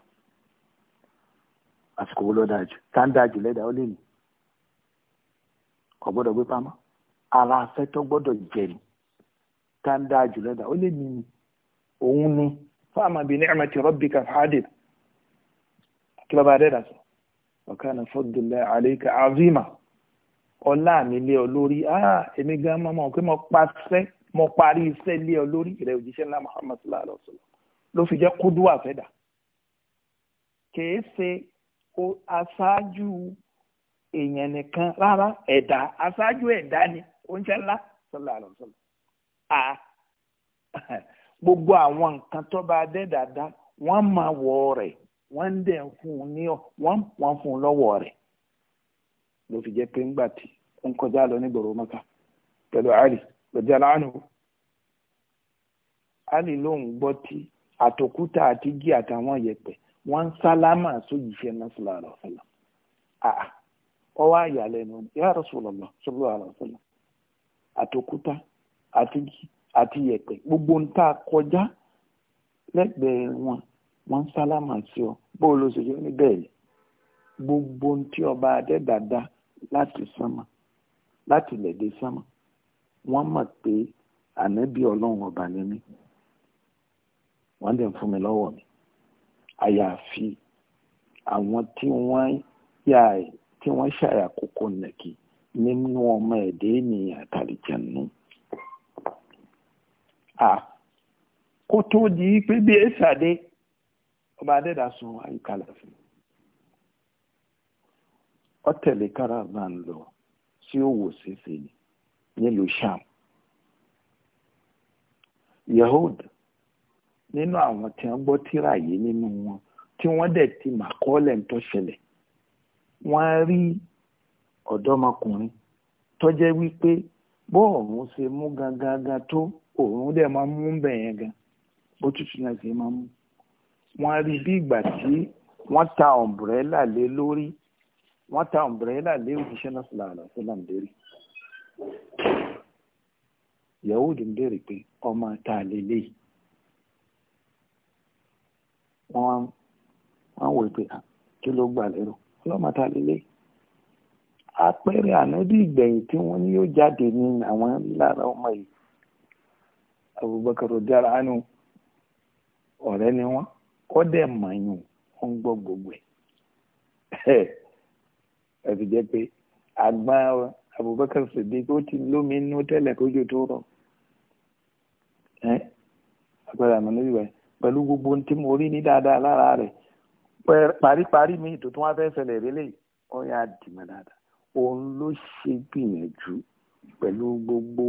àsìkò wo ló dáa jù tá ń dáa jù lẹ́dàá ó lè nìí kò gbọ́dọ̀ gbé pamọ́ ara afẹ́ tó gbọ́dọ̀ jẹ ni tá ń dáa jùlọ dà ó lè mi ni òun ni fáàmà bíi ni'mati rabbika fàádìr kí bàbá rẹ̀ dà sí wa kana fadlullahi alayka azima ọlá mi lé ọ lórí ah gan mọ́ mọ́ pé mo pa sẹ́ mo parí iṣẹ́ lé ọ lórí rẹ̀ òjíṣẹ́ ńlá Muhammad alayhi wa sallam ló fi jẹ́ kúdú àfẹ́dà kèé ṣe aṣáájú èèyàn nìkan rárá ẹ̀dá aṣáájú ẹ̀dá ni oúnjẹ ńlá sọlá àlọ́ gbogbo àwọn nǹkan tó bá dé dáadáa wọ́n máa wọ̀ rẹ̀ wọ́n dẹ̀ fún un ní wọ́n wọ́n fún lọ́wọ́ rẹ̀ Ali lọ́jà Ali gbọ́ tí àtòkúta àti gí àtàwọn wọ́n ń sálámà náà sọlá ọwọ́ àyàlẹ́nu ya Rasulullah sallallahu alaihi wasallam àtòkúta àti yẹ̀pẹ̀ gbogbo ń tá a kọjá lẹ́gbẹ̀ẹ́ wọn wọ́n ń sálámà sí ọ bóò ló ṣe jẹ́ níbẹ̀ yìí gbogbo ohun tí ọba adẹ́dàdá láti sánmà láti lẹ̀dẹ̀ sánmà wọ́n mọ̀ pé ànábì ọlọ́run ọba ni mí wọ́n fún mi lọ́wọ́ mi àyàfi àwọn tí wọ́n yà tí wọ́n ṣàyà kókó nàkí nínú ọmọ ẹ̀dẹ́ ènìyàn àtàlìjẹ̀nu. kó tó di pé bí èsàdé ọba adẹ́dà sun àyíkalẹ̀ fún un ọ̀tẹ̀lẹ̀ caravan lọ sí òwò ṣẹṣẹ nílùú sham yahud nínú àwọn tí wọ́n gbọ́ tírà yìí nínú wọn tí wọ́n dẹ̀ ti màkọ́lẹ̀ ń tó ṣẹlẹ̀ wọ́n á rí ọ̀dọ́mọkùnrin tọ́jẹ́ wípé bọ́ọ̀rùn ṣe mú gangan tó òun dẹ̀ máa mú bẹ̀ yẹn gan bó tútù náà ṣe máa mú wọ́n á rí bí ìgbà tí wọ́n ta ọ̀mbrẹ́là lé lórí wọ́n ta ọ̀mbrẹ́là lé òṣìṣẹ́ náà ń bèrè pé ọmọ ta wọ́n wọ́n ọlọ́mọta lélẹ̀ àpẹẹrẹ ànábì ìgbẹ̀yìn tí wọ́n ní yóò jáde ní àwọn lára ọmọ yìí Abubakar dára ánú ọ̀rẹ́ ni wọ́n ó dẹ̀ mọ̀yún ó ń gbọ́ gbogbo ẹ̀ ẹ ti jẹ́ pé àgbọn Abubakar Siddiq ó ti lómi inú tẹ́lẹ̀ kójú tó rọ̀ ẹ́ àpẹẹrẹ ànábì ìgbẹ̀yìn pẹ̀lú gbogbo ohun tí mo rí ní dáadáa lára rẹ̀ paríparí mi tó tún wá fẹ́ ṣẹlẹ̀ rélẹ̀ ó yà dìmọ̀ dáadáa òun ló ṣe gbìyànjú pẹ̀lú gbogbo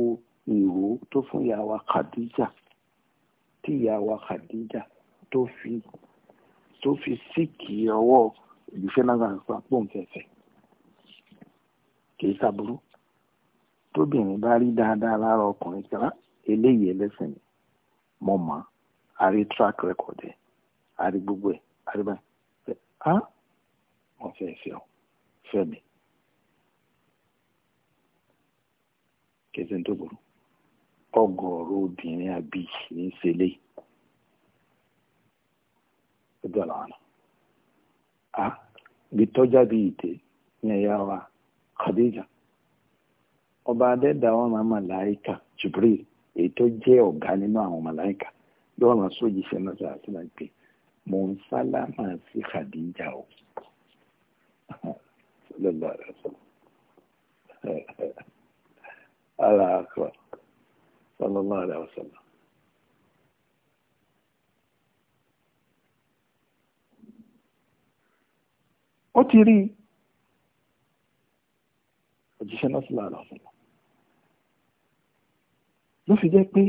ìró tó fún ìyàwó Khadija tí ìyàwó Khadija tó fi tó fi síkì ọwọ́ ìlúfẹ́ náà gbà pòǹfẹ̀fẹ̀ kìí sàbúrú tóbìnrin bá rí dáadáa lára ọkùnrin kan eléyìí ẹlẹ́sìn mọ̀mọ́ àrí track record ẹ̀ àrí gbogbo ẹ̀ àrí báyìí. á wọ́n fẹ́ fẹ́ ọ fẹ́ mi kẹsẹ̀ ń tó burú ọgọ́rọ̀ obìnrin àbí a ah, wa Khadija ọba adẹ́dàá wọn malaika Jibril èyí ọ̀gá nínú àwọn màláìka bí wọ́n se sójì sẹ́nà mo ń sálámà sí Khadija o sallallahu alaihi wasallam ala akọ sallallahu alaihi wasallam. ó ti rí òjíṣẹ́ náà sílá àlọ́sọ̀lá ló fi jẹ́ pé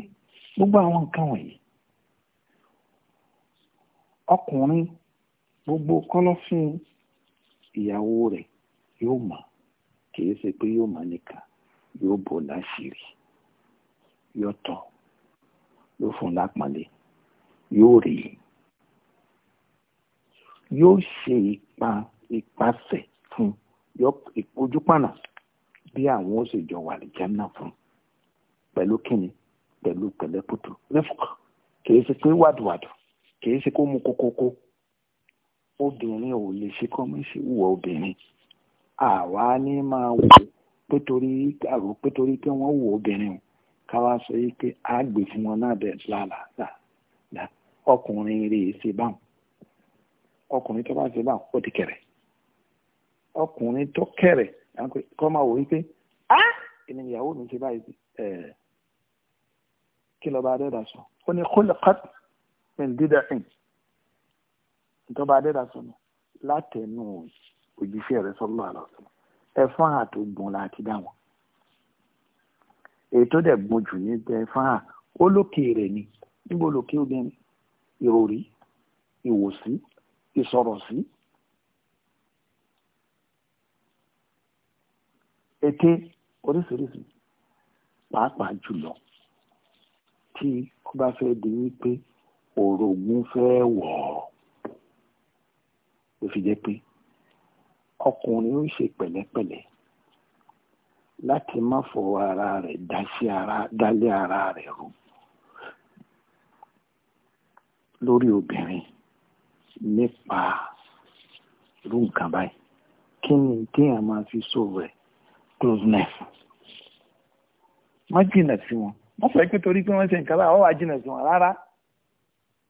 gbogbo àwọn nǹkan wọ̀nyí ọkùnrin gbogbo kọ̀lọ̀fín ìyàwó rẹ̀ yóò mọ̀ kìí ṣe pé yóò mọ̀ nìkan yóò bò láṣìírí yóò tọ̀ yóò fún lápọ́nlé yóò rí yóò ṣe ipa ipasẹ̀ fún ojúpànà bí àwọn ó sì jọ wà lè fún pẹ̀lú kíni pẹ̀lú pẹ̀lẹ́pùtù rẹ́fùkọ̀ kìí ṣe pé wàdùwàdù kìí ṣe kó mu kókókó obìnrin ò lè ṣe kọ́mẹ́sì wùwà obìnrin àwa ní máa wò pétorí àrò pétorí pé wọ́n wù obìnrin o ká wá sọ yìí pé a gbè fún wọn náà bẹ̀ lálàá ọkùnrin rè é ṣe báwọn ọkùnrin tó bá ṣe báwọn ó ti kẹrẹ ọkùnrin tó kẹrẹ kọ́ máa wò yìí pé á ènìyàn ìyàwó mi ṣe báyìí ẹ̀ kí lọ́ba adẹ́dà sọ ó ní kó lè kọ́tù ndídàfín ìtọ́ba adẹ́dà sọnù látẹnu òjíṣẹ́ rẹ̀ sọ́lọ́ àlọ́sọ ẹ̀fọ́n hà tó gbọ́n láti dá wọn èyí tó dẹ̀ gbọ́n jù ní ẹ̀fọ́n hà ó lókè rẹ̀ ni níbo lókè obìnrin ìròrí ìwòsí ìsọ̀rọ̀sí ète oríṣiríṣi pàápàá jùlọ tí ó bá fẹ́ di wípé orogún fẹ́ wọ̀ ọ́ ló fi jẹ́ pé ọkùnrin ó ṣe pẹ̀lẹ́pẹ̀lẹ́ láti má fọwọ́ ara rẹ̀ dálé ara rẹ̀ rú lórí obìnrin nípa irú nǹkan báyìí kí ni téèyàn máa fi sóòrò ẹ̀ closeness má jìnnà sí wọn wọ́n fẹ́ pé torí pé wọ́n ṣe nǹkan báyìí wọ́n wá jìnnà sí wọn rárá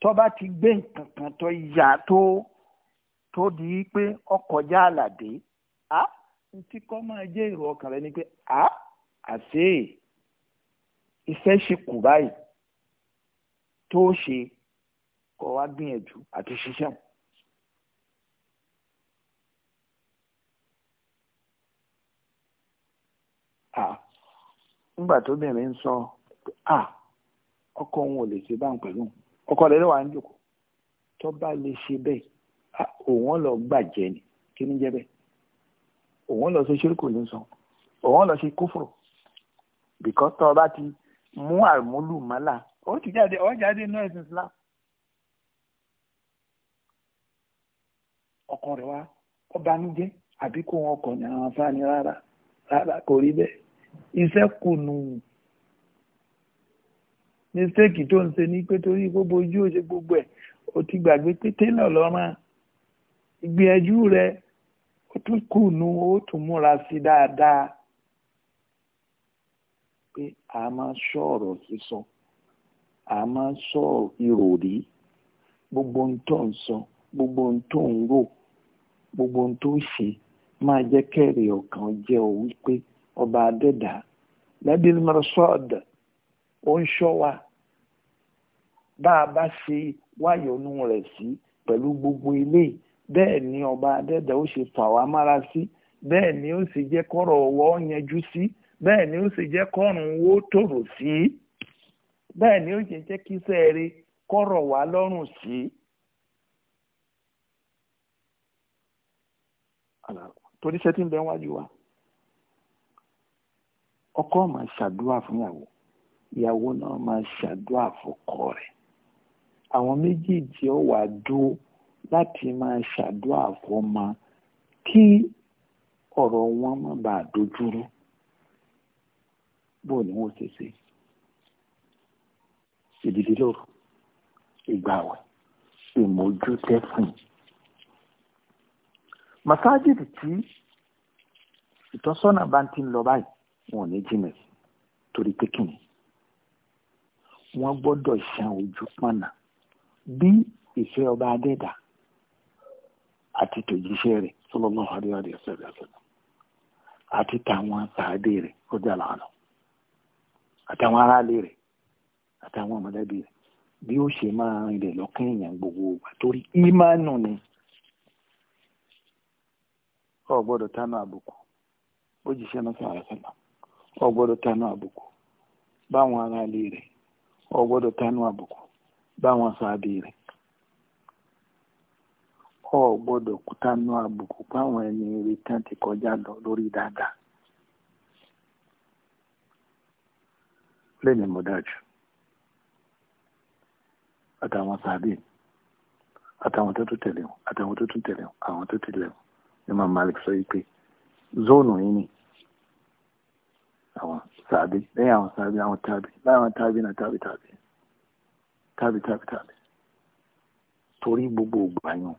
tó bá ti gbé nǹkan kan tó yà tó tó di pé ọkọjá àlàdé á ntí kọ́ máa jẹ́ èrò ọkàn rẹ ni pé á àṣé iṣẹ́ ṣe kù báyìí tó ṣe kọ́ wá gbìyànjú àti ṣiṣẹ́ wọn. nígbà tóbìnrin ń sọ ọkọ òun ò lè ṣe báǹkì lóhùn ọkọ rẹ̀ wà ń jòkó tó bá lè ṣe bẹ́ẹ̀ òun lọ gbàjẹ́ ni kí ni jẹ́ bẹ́ẹ̀ òun lọ ṣe ṣírkù ló ń sọ òun lọ ṣe kófòrò bìkọ́ tọ́ bá ti mú àmúlù mọ́là ó ti jáde ó jáde inú ẹ̀sìn Islam ọkọ wa wá ọba ń jẹ́ àbí kó wọn kọ̀ ní àwọn afáàní rárá rárá kò rí bẹ́ẹ̀ iṣẹ́ kùnú mistake tó ń ṣe ní pé torí kó bojú ó ṣe gbogbo ẹ̀ o ti gbàgbé pé télọ̀ lọ́rán ìgbìyànjú rẹ̀ ó tún kù nú ó tún múra sí dáadáa pé a máa ṣọ́ ọ̀rọ̀ sísọ a máa ṣọ́ ìròrí gbogbo ohun tó ń sọ gbogbo ohun tó ń rò gbogbo ohun tó ṣe máa jẹ́ kẹ́rì ọkàn jẹ́ ọ wípé ọba adẹ́dàá lábìlì mọ́rọ́sọ́ọ̀dà ó ń ṣọ́ wa bá a bá ṣe wáyọ̀nù rẹ̀ sí pẹ̀lú gbogbo ilé bẹ́ẹ̀ ni ọba adẹ́dà ó ṣe fà wá mára sí bẹ́ẹ̀ ni ó sì jẹ́ kọ́rọ̀ ọwọ́ yanjú sí bẹ́ẹ̀ ni ó sì jẹ́ kọ́rùn owó tòrò sí bẹ́ẹ̀ ni ó sì jẹ́ kí sẹ́ẹ̀rẹ́ kọ́rọ̀ wá lọ́rùn sí. torí iṣẹ́ ń bẹ wájú wa ọkọ máa ṣàdúrà fún ìyàwó ìyàwó náà máa ṣàdúrà fọ́kọ rẹ̀ àwọn méjèèjì ó wà dúró láti máa ṣàdúrà fọ́mọ kí ọ̀rọ̀ wọn má bàa dojúrú bó ni wọ́n ṣe ṣe ìdìdí lóru ìgbàwẹ̀ ìmójútẹ́sìn masajidi tí ìtọ́sọ́nà bá ti lọ báyìí wọn ò ní jìnnà torí pé kìnnìún wọ́n gbọ́dọ̀ ṣan ojú pọ̀nà bí ìfẹ́ ọba adẹ́dà àti tòjíṣẹ́ rẹ̀ sallallahu alaihi wasallam àti tàwọn sàádé rẹ̀ kọjá làánà àtàwọn aráalé rẹ̀ àtàwọn mọ̀lẹ́bí rẹ̀ bí ó ṣe máa rìn rẹ̀ lọ́kàn èèyàn gbogbo ògbà torí ìmánu ni o gbọ́dọ̀ tánú àbùkù bó jíṣẹ́ náà sọ̀rọ̀ sọ̀rọ̀ o gbọ́dọ̀ tánú àbùkù báwọn aráalé rẹ̀ o gbọ́dọ̀ tẹnu àbùkù báwọn sáàbì rẹ̀ o gbọ́dọ̀ tẹnu àbùkù báwọn ẹni retán ti kọjá lọ lórí dáadáa lẹ́yìn mọ̀dájú àtàwọn sáàbì àtàwọn tó tún tẹ̀lé wọn àtàwọn tó tún tẹ̀lé wọn àwọn tó tẹ̀lé wọn ni màmá Malik sọ yìí pé zónù yìí ni àwọn tàbí lẹ́yìn àwọn sàbí àwọn tàbí láwọn tàbí náà tàbí tàbí tàbí tàbí tàbí torí gbogbo ògbàyàn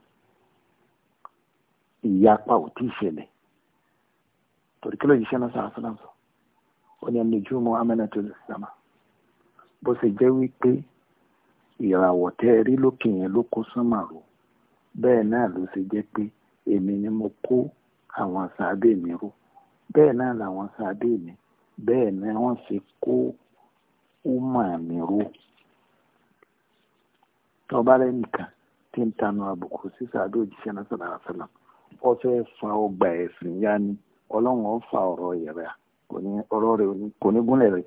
ìyapa ò tí ì ṣẹlẹ̀ torí kí ló yìí ṣẹ́nà sáà sọ́nà sọ ó ní ẹni ojú mọ́ amẹ́nà tó lè sàmà bó ṣe jẹ́ wípé ìràwọ̀ tẹ́ rí lókè yẹn ló kó sánmà rò bẹ́ẹ̀ náà ló ṣe jẹ́ pé èmi ni mo kó àwọn sàábé mi ró bẹ́ẹ̀ náà làwọn sàábé mi bẹ́ẹ̀ ni wọ́n ṣe kó ọmọ mi ró lẹ́nìkan tí ń tanu àbùkù sísá àbí náà sọ̀rọ̀ àṣàlà fẹ́ fa ọgbà ẹ̀sìn yá ni ọlọ́run ó fa ọ̀rọ̀ yẹ̀rẹ̀ ọ̀rọ̀ rẹ̀ kò ní gúnlẹ̀ rẹ̀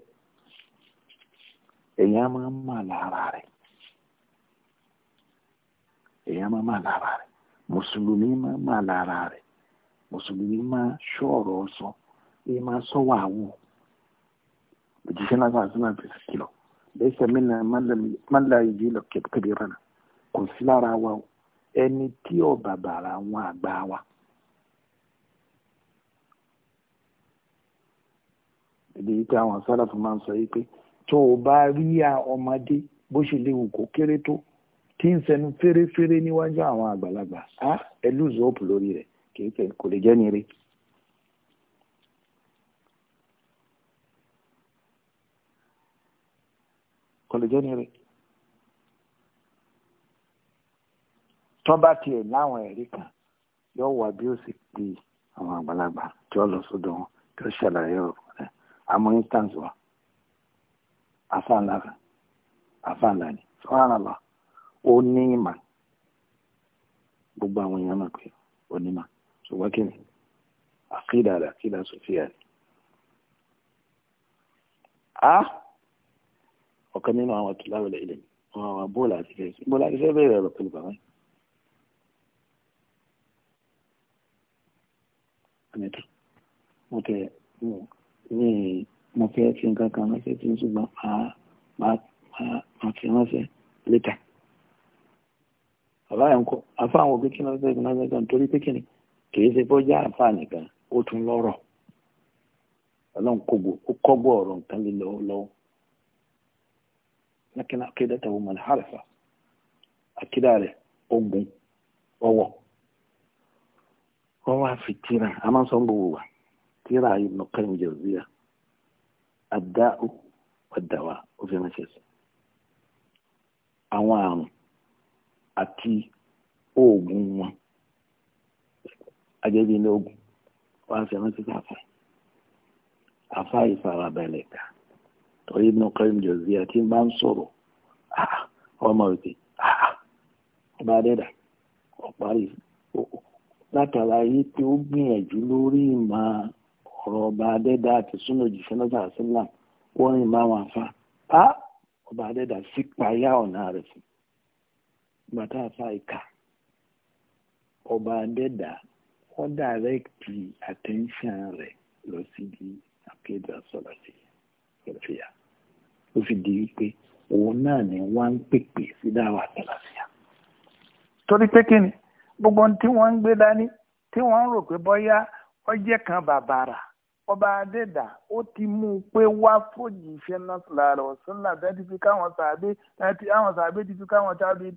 èèyàn mà lára rẹ̀ mà lára rẹ̀ mùsùlùmí mà lára rẹ̀ mùsùlùmí máa ṣọ́ ọ̀rọ̀ òjíṣẹ́ náà sàn sínú kilo. kìlọ̀ bẹ́ẹ̀ sẹ́mi náà má la ìjì lọ kẹ̀kẹ́bí rànà kò sí lára wa o ẹni tí ò bàbàrà àwọn àgbà wa. ìdí tí àwọn sálàfù máa ń sọ yìí pé tó o bá rí ọmọdé bó ṣe léwu kó kéré tó tí ń sẹnu fẹ́rẹ́fẹ́rẹ́ níwájú àwọn àgbàlagbà á ẹlú lórí rẹ̀ kò lè jẹ́ nire kò lè jẹ́ ní bá tiẹ̀ láwọn ẹ̀rí kan yóò wà bí ó sì pe àwọn àgbàlagbà tí ó lọ sọ́dọ̀ wọn tí ó ṣàlàyé ọ̀rọ̀ rẹ̀ àmọ́ instance wa ni sọ́hánàlá ó ní ìmọ̀ gbogbo àwọn èèyàn náà pé ó ní ìmọ̀ ṣùgbọ́n kí ni ah! ọ̀kan nínú àwọn àtúláwẹ̀lẹ̀ ilẹ̀ àwọn àwọn bóòlù àti fẹ́ẹ̀sì bóòlù àti fẹ́ẹ̀ bẹ̀rẹ̀ ọ̀rọ̀ pẹ̀lú bàbá àmẹ́tò mo tẹ ní mo fẹ́ fi nǹkan kan ránṣẹ́ tí ń ṣùgbọ́n màá fi ránṣẹ́ létà bàbá yẹn kọ afáwọn òbí kí ni wọ́n fẹ́ fi ránṣẹ́ kan torí pé kí ni kì í ṣe bó jẹ́ àǹfààní kan ó tún lọ́rọ̀ ọlọ́run kọ́gbọ́ ọ̀rọ̀ nǹkan lé lọ́wọ́ lọ́wọ́. لكن عقيدته منحرفة akidare ogun ọwọ́ wọ́n wá fi tíra a máa ń sọ gbogbo wa yi Ibn Qayyim Jawziyya a dau wad-dawa òfin ránṣẹ́ sí àwọn àrùn àti fi torí Ibn Qayyim Jawziyya tí bá ń sọ̀rọ̀ ah, ọmọ òkè ah, bá dẹ́dà ọ̀parí látara yìí pé ó gbìyànjú lórí ìmọ̀ ọ̀rọ̀ ọba adẹ́dà àti súnà òjìṣẹ́ náà sàásìlà wọ́n rìn bá wọn fa á ọba adẹ́dà sí payá ọ̀nà rẹ̀ sí gbàtà àfa ìka ọba adẹ́dà ó dàrẹ́kìtì attention rẹ̀ lọ síbi akéde àsọ̀rọ̀ sí i kẹlẹfìyà ó fi di wípé òun náà ni wọ́n ń pèpè sí dáwà kẹlẹfìyà. torí pé kí ni gbogbo ohun tí wọ́n ń gbé dání tí wọ́n ń rò pé bọ́yá ọjẹ́ kan bàbàrà ọba adẹ́dà ó ti mú un pé wá fòjì iṣẹ́ náà lára ọ̀sán náà tẹ́tí fi káwọn sàbẹ̀ tẹ́tí àwọn sàbẹ̀ ti fi káwọn tábìlì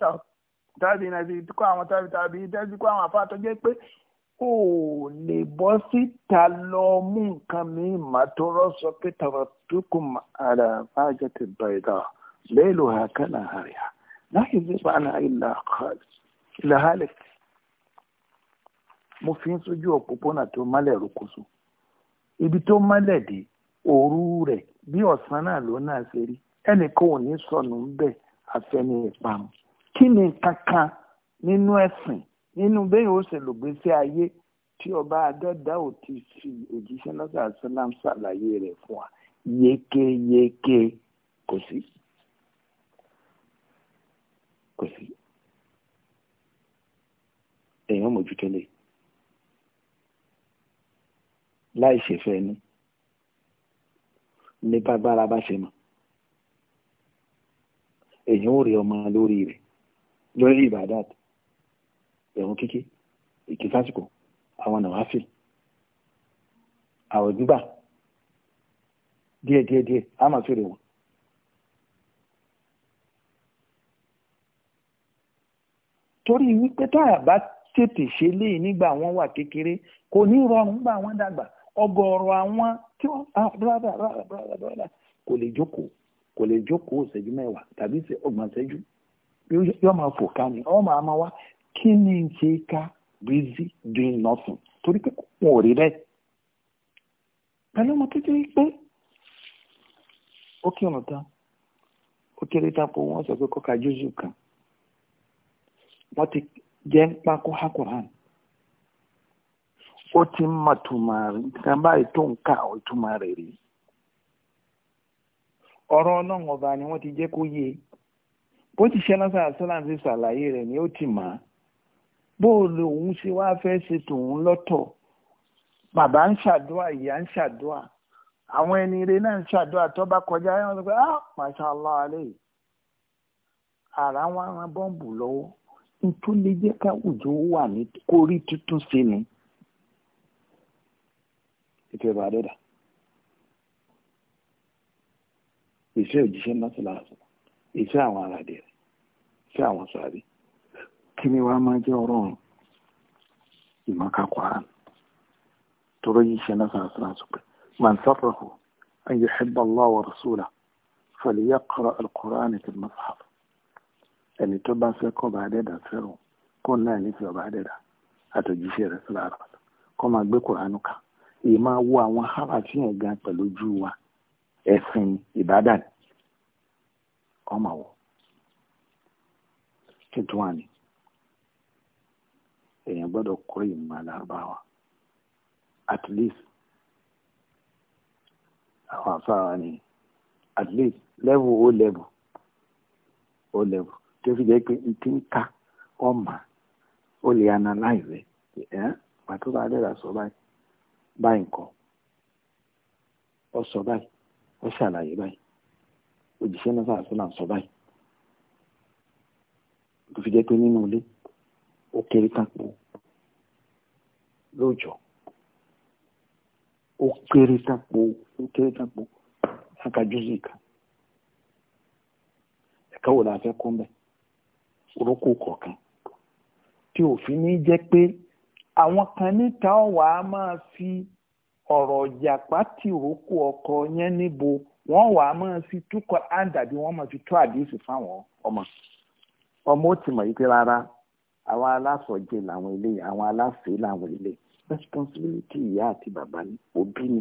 tábìlì náà ti kó àwọn tábìlì tábìlì tẹ́tí kó àwọn afá tó jẹ́ pé o lè bọ́ síta lọ mú nǹkan míì mà tó rọ́ sọ pé taraktukum ala fajatin bayda layluha kanahariha la yuzibu anha illa halik mo fi ń òpópónà tó mọ́lẹ̀ ibi tó mọ́lẹ̀ dé òru rẹ̀ bí ọ̀sán náà ló náà ṣe rí ẹnìkan ò ní sọnù ń bẹ̀ àfẹni ìpamọ́ kí ni kankan nínú ẹ̀sìn nínú bẹ́yìn ó ṣe lògbésí ayé tí ọba adẹ́dá ò ti fi òjíṣẹ́ lọ́sà sálám ṣàlàyé rẹ̀ fún wa yékéyéké kò sí kò sí èèyàn mójútó lè láì ṣèfẹ́ ẹni ní bágbára bá ṣe mọ̀ èèyàn ò rí ọmọ lórí rẹ̀ lórí ìbàdàn ẹ̀rùn kíkí ìkísásìkò àwọn nàwáfíl àwọn gbígbà díẹ̀ á máa fèrè wọn. torí wípé tá a tètè ṣe léyìí nígbà wọn wà kékeré kò ní rọrùn nígbà wọn dàgbà ọ̀gọ̀ọ̀rọ̀ àwọn tí wọn ah, brada kò lè jókòó kò lè jókòó ìṣẹ́jú mẹ́wàá tàbí ọgbọ̀n ìṣẹ́jú yóò máa fò ká ni wa kí ni n ṣe ká busy doing nothing torí pé wọn ò rí rẹ pẹ̀lú ọmọ tó jẹ́ pé ó kí ọ̀nà tán ó kéré tápò wọ́n sọ pé kọ́ka jésù kan wọ́n ti jẹ́ ń pa kó hákùnrán ó ti ń mọ tùmọ̀ rẹ̀ nǹkan báyìí tó ń kà ó túmọ̀ rẹ̀ rí ọ̀rọ̀ ọlọ́run ọba ni wọ́n ti jẹ́ kó yé bó ti ṣe lọ́sàn àṣọ́lá ti ṣàlàyé rẹ̀ ni ó ti mọ̀ bó o lòun ṣe wá fẹ́ ṣe tòun lọ́tọ̀ bàbá ń ṣàdúrà ìyá ń ṣàdúrà àwọn ẹni ire náà ń ṣàdúrà tó bá kọjá wọn sọ pé ah masha allah alẹ́ ara wọn ran bọ́ǹbù lọ́wọ́ nítorí lè jẹ́ káwùjọ wà ní kórí tuntun sí ni ètò ẹ̀rọ àdọ́dà iṣẹ́ òjíṣẹ́ náà sọ̀rọ̀ iṣẹ́ àwọn aráàlú rẹ̀ iṣẹ́ àwọn sọ̀rọ̀ kíni wàá máa jẹ́ ọ̀rọ̀ ọ̀hún ìmọ̀ọ́ká kwara tọrọ yìí ṣe náà sàrà sàrà sọpẹ́ man sarrahu an yuhibba Allah wa rasulahu falyaqra al-Qur'ana fil mushaf ẹni tó bá fẹ́ kọ́ bá dẹ́dà fẹ́ràn kó náà nífẹ̀ẹ́ bá dẹ́dà àtọ̀jíṣẹ́ rẹ̀ sílára kó máa gbé kùránù ká èyí máa wo àwọn hàrà tí yẹn gan pẹ̀lú ojú wa ẹ̀sìn ìbádàn ọmọ wọ tuntun wa ni èèyàn gbọ́dọ̀ kọ́ ìmọ̀ alárúbáwá at least àwọn àfáà ni at least level o level o level tó fi jẹ́ pé n ti ń ka ọmọ ó lè analyze ẹ̀ pàtó bá dẹ́ra sọ báyìí báyìí nǹkan ọ sọ báyìí ọ ṣàlàyé báyìí òjìṣẹ́ náà sàásù náà sọ báyìí tó fi jẹ́ pé nínú ilé ó kéré tán pọ̀ lóòjọ́ ó kéré tápò ó kéré tápò akajúzì kan ẹ̀ka wò la fẹ́ kó mẹ́ orókù kọ̀ọ̀kan tí òfin ní jẹ́ pé àwọn kan níta ọ̀wà á máa fi ọ̀rọ̀ ìjàpá tí òrókù ọkọ yẹn níbo wọ́n wà á máa fi túkọ̀ bí wọ́n máa fi tó àdéhùn fáwọn ọmọ ọmọ ó ti mọ̀ yí pé rárá àwọn aláfọ̀jẹ làwọn ilé àwọn aláfẹ́ làwọn ilé responsibility ìyá àti bàbá ni òbí ni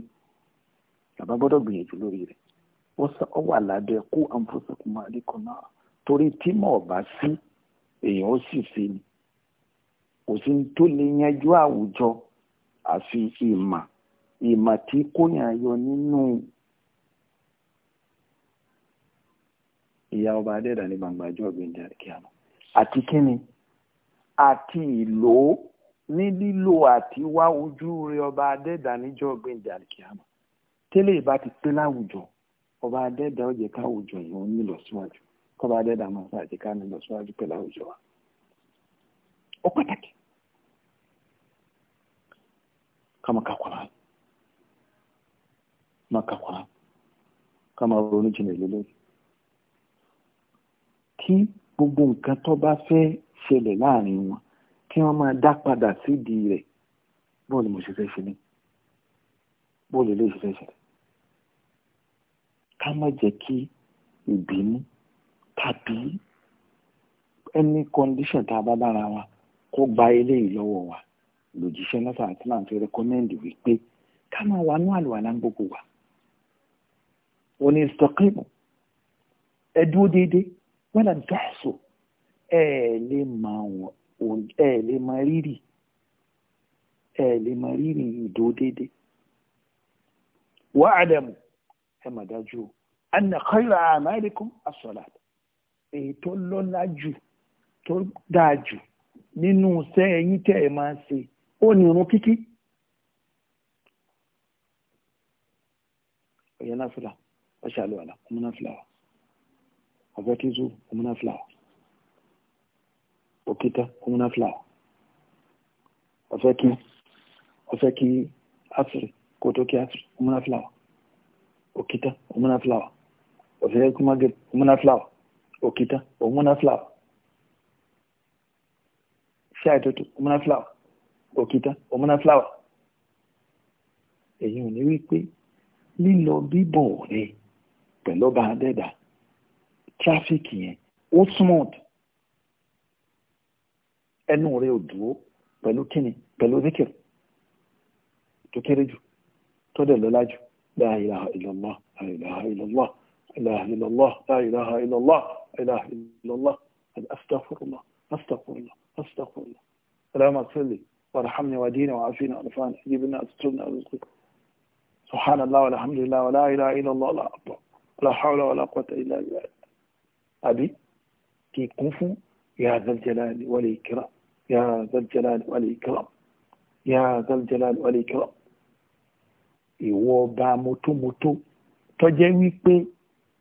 bàbá gbọ́dọ̀ gbìyànjú lórí rẹ̀ wọ́n sọ ọ wà lábẹ́ kó àǹfọ̀sọ̀kùn máa rí kan náà torí tí mọ̀ bá sí èèyàn ó sì fi ni kò sí tó lè yanjú àwùjọ àfi ìmà ìmà tí kóyàn yọ nínú ìyá ọba adẹ́dà ní gbangba ọjọ́ ọ̀gbìn kíá àti kíni àti ìlò ní lílo àti wá ojú rẹ ọba adẹ́dà níjọ́ gbẹ̀ndẹ̀ àlìkíyàmá tẹ́lẹ̀ ìbá ti pé láwùjọ ọba adẹ́dà ó jẹ́ káwùjọ yìí ó ní lọ́síwájú kọ́ba adẹ́dà máa ń sàjẹ́ ká ní lọ́síwájú pẹ̀lú àwùjọ wa ó pàtàkì kama ka Kùránì ma ka kama ronú jìnlẹ̀ lélórí kí gbogbo nǹkan tó bá fẹ́ ṣẹlẹ̀ láàrin wọn kí wọ́n máa dá padà sídìí rẹ̀ bóòlù mo ṣe fẹ́ ṣe ní bóòlù ilé ìṣẹ́ ṣe ká má jẹ́ kí ìbínú tàbí any condition tá a bá bára wa kó gba eléyìí lọ́wọ́ wa lòjíṣẹ́ náà àti náà ti rẹ́kọ́mẹ́ndì wípé ká máa wà ní àlùwàlá gbogbo wa wọn ni ìsọkẹ́mù ẹ dúró déédéé wọ́n là ń tọ́ àṣọ ẹ lè máa wọ̀n ẹ lè mọ rírì ẹ lè mọ rírì ìdó dédé wà á dẹ̀mù ẹ mà dájú o anna khayra amalikum as èyí tó lọ́lá jù tó dáa jù nínú iṣẹ́ ẹ̀yin tẹ́ ẹ máa ṣe ó ní irun kíkí. ọ̀yẹ́ náà ọ̀ṣàlùwàlà ọmọ náà fìlà ọ̀fẹ́ ọmọ náà fìlà ọ̀. òkìtá kúmúná fìlà ọ̀fẹ́ kí ọ̀fẹ́ kí asiri kótó kí asiri kúmúná fìlà òkìtá kúmúná fìlà ọ̀fẹ́ kí magẹ kúmúná fìlà òkìtá kúmúná fìlà ṣáà tó tó kúmúná fìlà òkìtá kúmúná fìlà èyí ò ní wípé lílọ bíbọ̀ بلو ذكر لا لا لا لا إله إله إله إله إلا إلا إلا إلا إلا الله الله الله الله الله أستغفر ẹnu rẹ ò dúró pẹ̀lú kíni pẹ̀lú zikir tó kéré jù tó dẹ̀ lọ lájú سبحان الله والحمد لله ولا إله إلا الله لا أبا ولا حول ولا قوة إلا بالله أبي كي كوفو يا ذا الجلال والإكرام يا ذا الجلال والإكرام يا ذا الجلال والإكرام ìwọ ọba mọ́tòmọ́tò tọ́jẹ́ wípé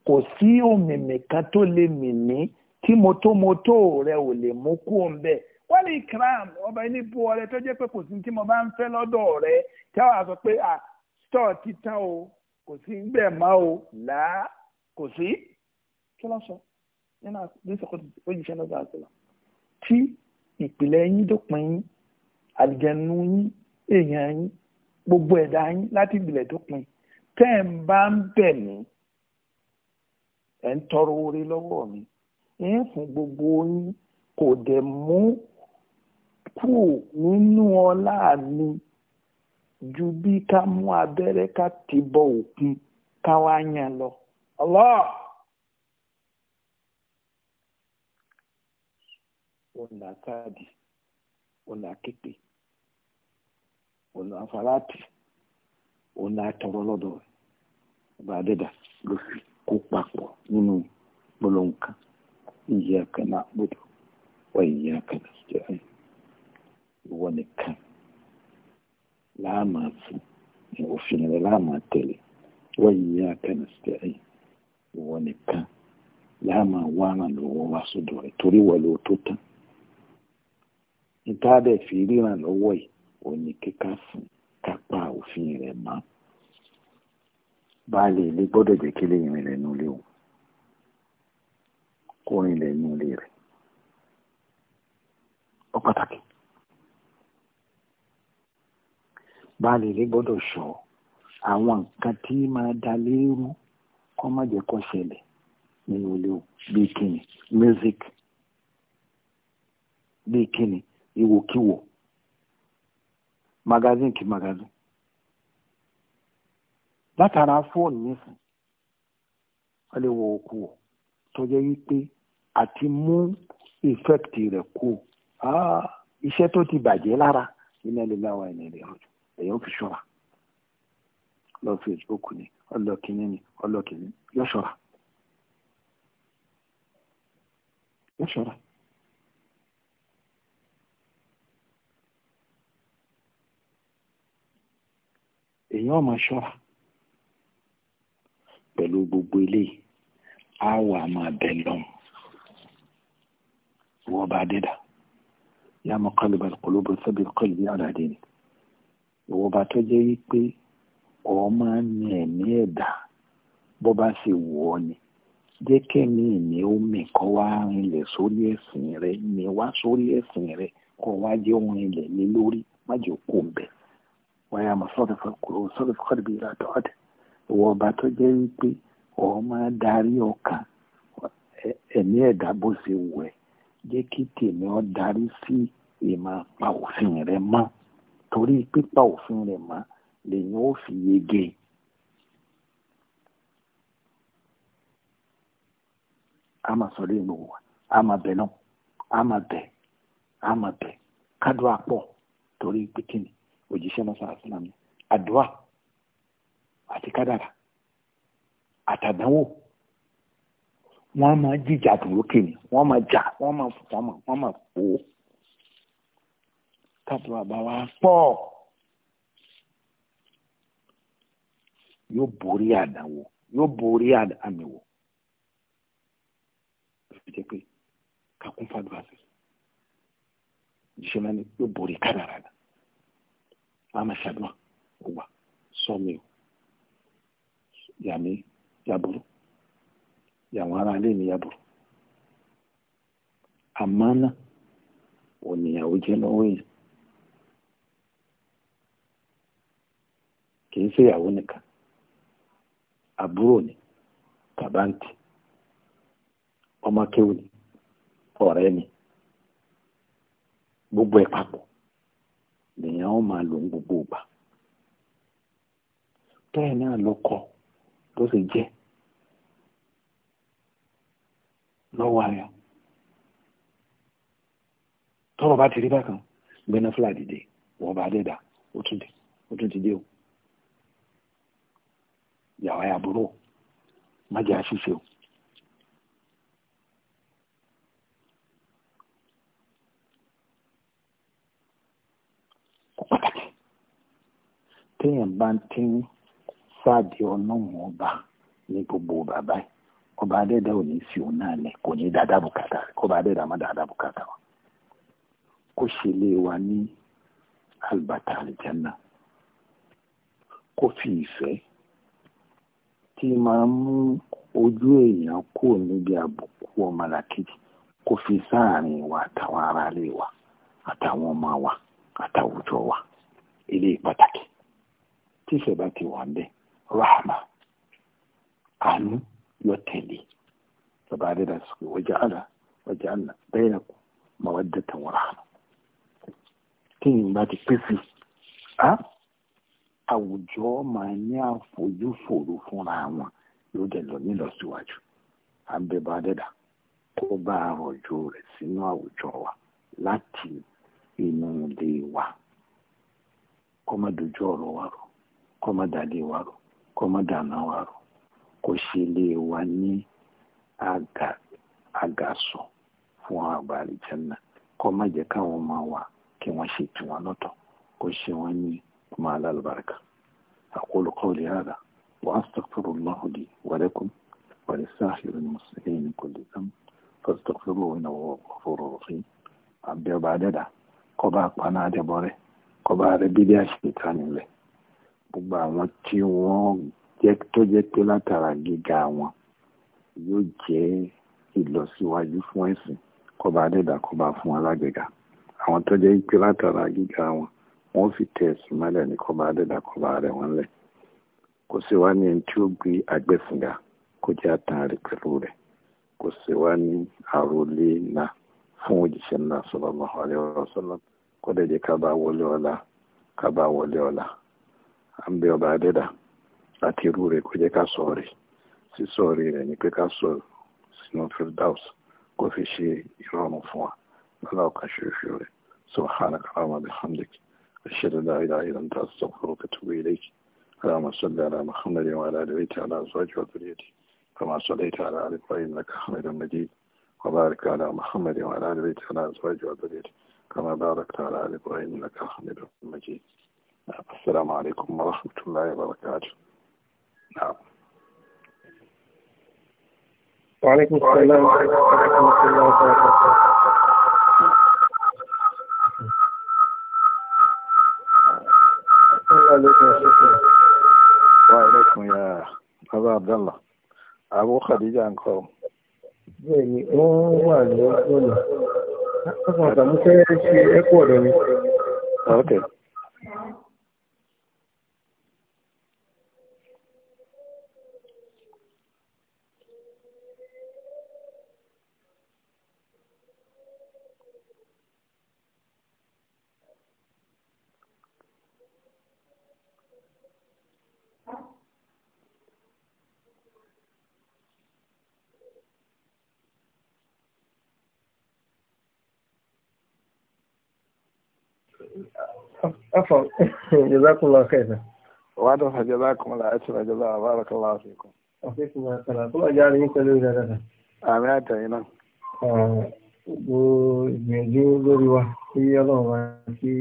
kò sí òmìmì kan tó lè mì ní tí mọ́tòmọ́tò rẹ ò lè mú kú ọ̀nbẹ wọ́n lè kram ọba ẹni bu ọ̀rẹ́ tọ́jẹ́ pé kò sí tí mo bá ń fẹ́ lọ́dọ̀ rẹ táwọn àsọ pé à stọ̀ títàn o kò sí gbẹ̀ mọ́ o là á kò sí kí ló sọ nínú àdéhùn sọkọtì ó àti lọ tí ìpìlẹ̀ yín dópin yín àlìjẹnu yín èèyàn yín gbogbo ẹ̀dá yín láti ìpìlẹ̀ dópin tẹ́ ẹ̀ ń bá ń bẹ̀ mí ẹ̀ ń tọrọ oore lọ́wọ́ mi ẹ̀ ń fún gbogbo yín kò dẹ̀ mú kù nínú ọlá mi ju bí ká mú abẹ́rẹ́ ká ti bọ òkun ká wá yàn lọ. Allah. òun là káàdì òun là képe òun là faraàtì òun là tọrọ lọ́dọ̀ ọba adẹ́dà ló fi kó papọ̀ nínú gbólóhùn kan iyyaka na'budu wa iyyaka nasta'in ìwọ nìkan láàmà fún òfin rẹ láàmà tẹ̀lé wa iyyaka nasta'in ìwọ nìkan láàmà wà lọ́wọ́ wá sódò rẹ torí wọ́n ló tó tán níta dẹ̀ fi ríran lọ́wọ́ yìí ò ní kíkà fún kápá òfin rẹ̀ mọ́ baálé ilé gbọ́dọ̀ jẹ́ kí lè rìn lẹ́nu ilé òun kó rìn lẹ́nu ilé rẹ̀ ó pàtàkì baálé ilé àwọn nǹkan tí máa da léérú kọ́ má jẹ́ kó ṣẹlẹ̀ nínú ilé òun bíi kíni music bíi kíni ìwòkiwò magazine ki magazine látara fóònù nísìn wọ́n lè wo òkú wò tó jẹ́ wípé àti mú ìfẹ́kìtì rẹ̀ kú ah, iṣẹ́ tó ti bàjẹ́ lára iná lè láwa ẹni rẹ̀ rọ̀jò èèyàn fi ṣọ́ra lọ Facebook ni ọlọ́kìnní ni ọlọ́kìnní yọ ṣọ́ra yọ ṣọ́ra. èèyàn ọmọ ṣọ́ra pẹ̀lú gbogbo eléyìí á wà máa bẹ̀ lọ́hùn wọ́n bá dẹ́dà yá mọ́ kálíbà kọlóbó sẹ́bi kọlíbí àdàdé ni ìwọ́n bá tó jẹ́ wípé ọ̀ máa ń ní ẹ̀mí ẹ̀dá bó bá sì wù ọ́ ni jẹ́ kẹ́mi ìní omi kọ́ wá rinlẹ̀ sórí ẹ̀sìn rẹ̀ ní wá sórí ẹ̀sìn rẹ̀ kọ́ wá jẹ́ ohun ilẹ̀ ní lórí má jẹ́ wọ́n yà mọ̀sọ́dọ̀fẹ́ kúrò sọ́dọ̀fẹ́ kọ́dọ̀ bí ìlà ọba tó jẹ́ wípé ọ̀hún máa darí ọkàn ẹ̀mí ẹ̀dá bó ṣe wù ẹ́ jẹ́ kí tèmi darí sí ìmọ̀ pa rẹ mọ́ torí pípa òfin rẹ mọ́ lèyìn ó fi yege. a máa sọ a máa bẹ̀ náà a máa òjíṣẹ́ mọ́sá àṣìlám ni àdúrà àti kádàrà àtàdánwò wọ́n máa jíjà lókè ni wọ́n máa jà wọ́n máa wọ́n máa wọ́n máa fò ó kádùrà bá wa yóò borí àdánwò yóò borí àmìwò jẹ́ pé kakún sí ìṣẹ́lá ni yóò borí kádàrà náà. amahadwa ụwa sọmil yami ya bụrụ ya nwara alini ya bụrụ amana oníyàwó ya lọ́wọ́ yìí kìí ṣe ìyàwó nìkan àbúrò ni tàbáǹtì ọmọkéwù gbogbo lèèyàn ó máa lò gbogbo ìgbà bẹ́ẹ̀ náà ló kọ tó sì jẹ́ lọ́wọ́ ara tọ́rọ̀ bá ti rí bákan gbẹ́ná fúlàdì dé wọ́n bá dé ó tún ti dé o yàwá yàbúrò má jẹ́ o. téèyàn bá ti ń sáàdì ọlọ́run ọba ní gbogbo bàbá yìí ọba adẹ́dá ò ní fi òun náà lẹ̀ kò ní dáadáa bùkátà rẹ̀ kọba adẹ́dá dáadáa bùkátà wa kó ṣe lé wa ní albata aljanna kó fi ìfẹ́ tí máa ń mú ojú èèyàn kúrò níbi àbùkù ọmọlàkejì kó fi sáàárín wa àtàwọn aráalé wa àtàwọn ọmọ wa àtàwùjọ wa ilé pàtàkì tí ìfẹ́ bá ti wà ń bẹ̀ rahma àánú yọ tẹ̀lé bàbá adéda sọ wọ́jà àlà wọ́jà àlà bẹ́ẹ̀ nà kú mawaddatan wa rahma tí ìyìn bá ti pèsè á àwùjọ máa ní àfojúfòrò fúnra wọn yóò dẹ̀ lọ nílọsíwájú à ń bẹ bá adéda kó bá àrọ̀jò rẹ̀ sínú àwùjọ wa láti inú ilé wa kó má dojú ọ̀rọ̀ wa rò kó má dàlé wa rò kó má dàná wa rò kó ṣe ilé wa ní àgàsọ fún àgbà àlìjẹ́nà kó má jẹ́ káwọn ọmọ wa kí wọ́n ṣe tiwọn lọ́tọ̀ kó ṣe wọ́n ní ọmọ alálùbáríkà أقول قولي هذا وأستغفر الله لي ولكم ولسائر المسلمين من كل ذنب فاستغفروه إنه هو الغفور الرحيم عبد بعد ذلك kọba àpáná àjẹbọrẹ kọba rẹ bíbí àṣetá nílẹ̀ gbogbo àwọn tí wọ́n jẹ́ tó jẹ́ pé látara gíga wọn yóò jẹ́ ìlọsíwájú fún ẹ̀sìn kọba adẹ́dà kọba fún alágbèga àwọn tó jẹ́ pé látara gíga wọn wọ́n fi tẹ̀ ẹ̀sìn mọ́lẹ̀ ní kọba adẹ́dà kọba rẹ̀ wọ́n lẹ̀ kò sí wá ní ẹni tí ó gbé àgbẹ̀fúnga kó jẹ́ àtàn rẹ̀ pẹ̀lú rẹ̀ kò sí wá ní àròlé náà fún òjíṣẹ́ náà sallallahu alaihi wasallam kó dẹ̀ jẹ́ ká bá wọlé ọ̀la ká bá wọlé ọ̀la à ń bẹ ọba adẹ́dà àti irú rẹ̀ kó jẹ́ ká sọ rẹ̀ sísọ rẹ̀ rẹ̀ ni pé ká sọ sínú firdaus kó fi ṣe ìrọ̀rùn fún wa lọ́la ọ̀kan ṣoṣo rẹ̀ subhanaka wa bihamdik ashhadu an la ilaha illa anta astaghfiruka wa atubu ilayk اللهم صل على محمد وعلى ال بيته وعلى ازواجه وذريته كما صليت على ال ابراهيم انك حميد مجيد وبارك على محمد وعلى آل بيته وعلى أزواجه وذريته كما باركت على آل إبراهيم إنك حميد مجيد السلام عليكم ورحمة الله وبركاته نعم وعليكم السلام ورحمة الله وبركاته وعليكم يا أبا عبد الله أبو خديجة أنكم Bẹ́ẹ̀ni, wọ́n wà ní ọ̀nà. Ọkọ̀ ọ̀tàmúfẹ́ عفوا جزاكم الله خيرا وعدها جزاكم الله أشرا جزاء بارك الله فيكم وفيكم يا سلام الله جعل منكم لولا لنا àmì àtẹ̀yìnà. gbogbo ìgbìyànjú lórí wa kí ọlọ́run wa kí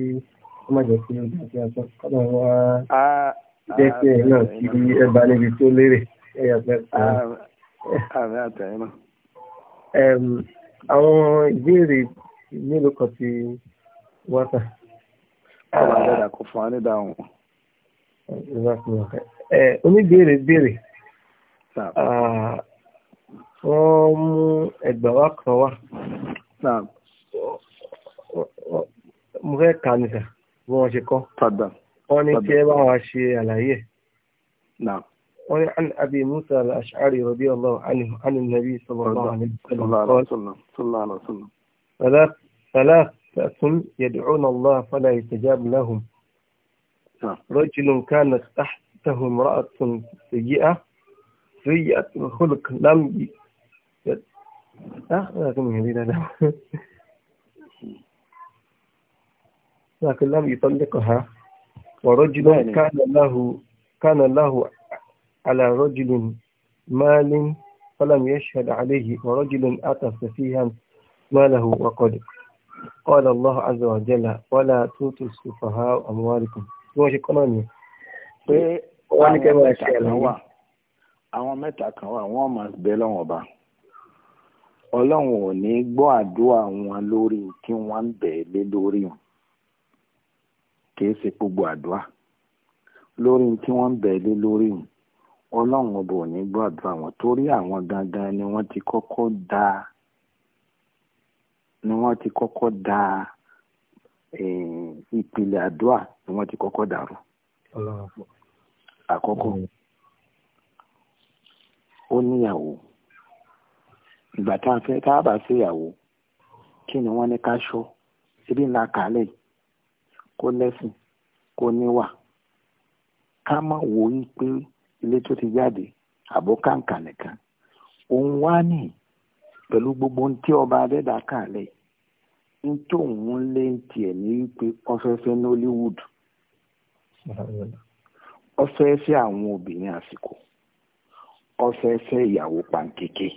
ó má jẹ́ kí ó jẹ́ kí a sọ ọlọ́run wa jẹ́ kí ẹ̀yìn náà kí ẹ bá níbi tó lérè ẹ̀yà pẹ́ẹ́pẹ́. àmì àtẹ̀yìnà. àwọn ìbéèrè mélòó kan ti wá tà ọba ah. dada kò fún wa ní ìdáhùn. oníbèrè béèrè ah, wọ́n mú ẹgbà wá kan wá mo fẹ́ kà ní sà bí wọ́n ṣe kọ́ wọ́n ní kí ẹ bá wa ṣe àlàyé wọ́n ní an abi musa al-ash'ari radiyallahu anhu an nabi sallallahu alaihi wasallam فأس يدعون الله فلا يستجاب لهم نعم. رجل كانت تحته امرأة سيئة سيئة الخلق لم ي... آه، لكن لم يطلقها ورجل كان له كان له على رجل مال فلم يشهد عليه ورجل أتى سفيها ماله وقدر قال الله عز وجل ولا تؤتوا السفهاء أموالكم wọ́n ṣe kọ́nà ni pé àwọn mẹ́ta kan wà wọ́n máa bẹ lọ́wọ́ ọba ọlọ́run ò ní gbọ́ àdúrà wọn lórí kí wọ́n ń bẹ̀ lé lórí wọn kì í ṣe gbogbo àdúrà lórí tí wọ́n ń bẹ̀ lé lórí wọn ọlọ́run ọba ò ní gbọ́ àdúrà wọn torí àwọn gangan ni wọ́n ti kọ́kọ́ da ni wọ́n ti kọ́kọ́ da eh, ìpìlẹ̀ àdúrà ni wọ́n ti kọ́kọ́ dàrú àkọ́kọ́ ó níyàwó ìgbà tá a fẹ́ tá a bá ṣèyàwó kí ni wọ́n ní ká ṣọ́ ebi ńlá kàálẹ̀ kó lẹ́sìn kó níwà ká má wò ó pé ilé tó ti jáde àbó kàǹkà nìkan òun wá nì pẹ̀lú gbogbo ohun tí ọba adẹ́dàá kàálẹ̀ yìí ń tó òun lé tiẹ̀ ní wípé ọ̀fẹ́fẹ́ nollywood ọ̀fẹ́fẹ́ àwọn obìnrin àsìkò ọ̀fẹ́fẹ́ ìyàwó pankeke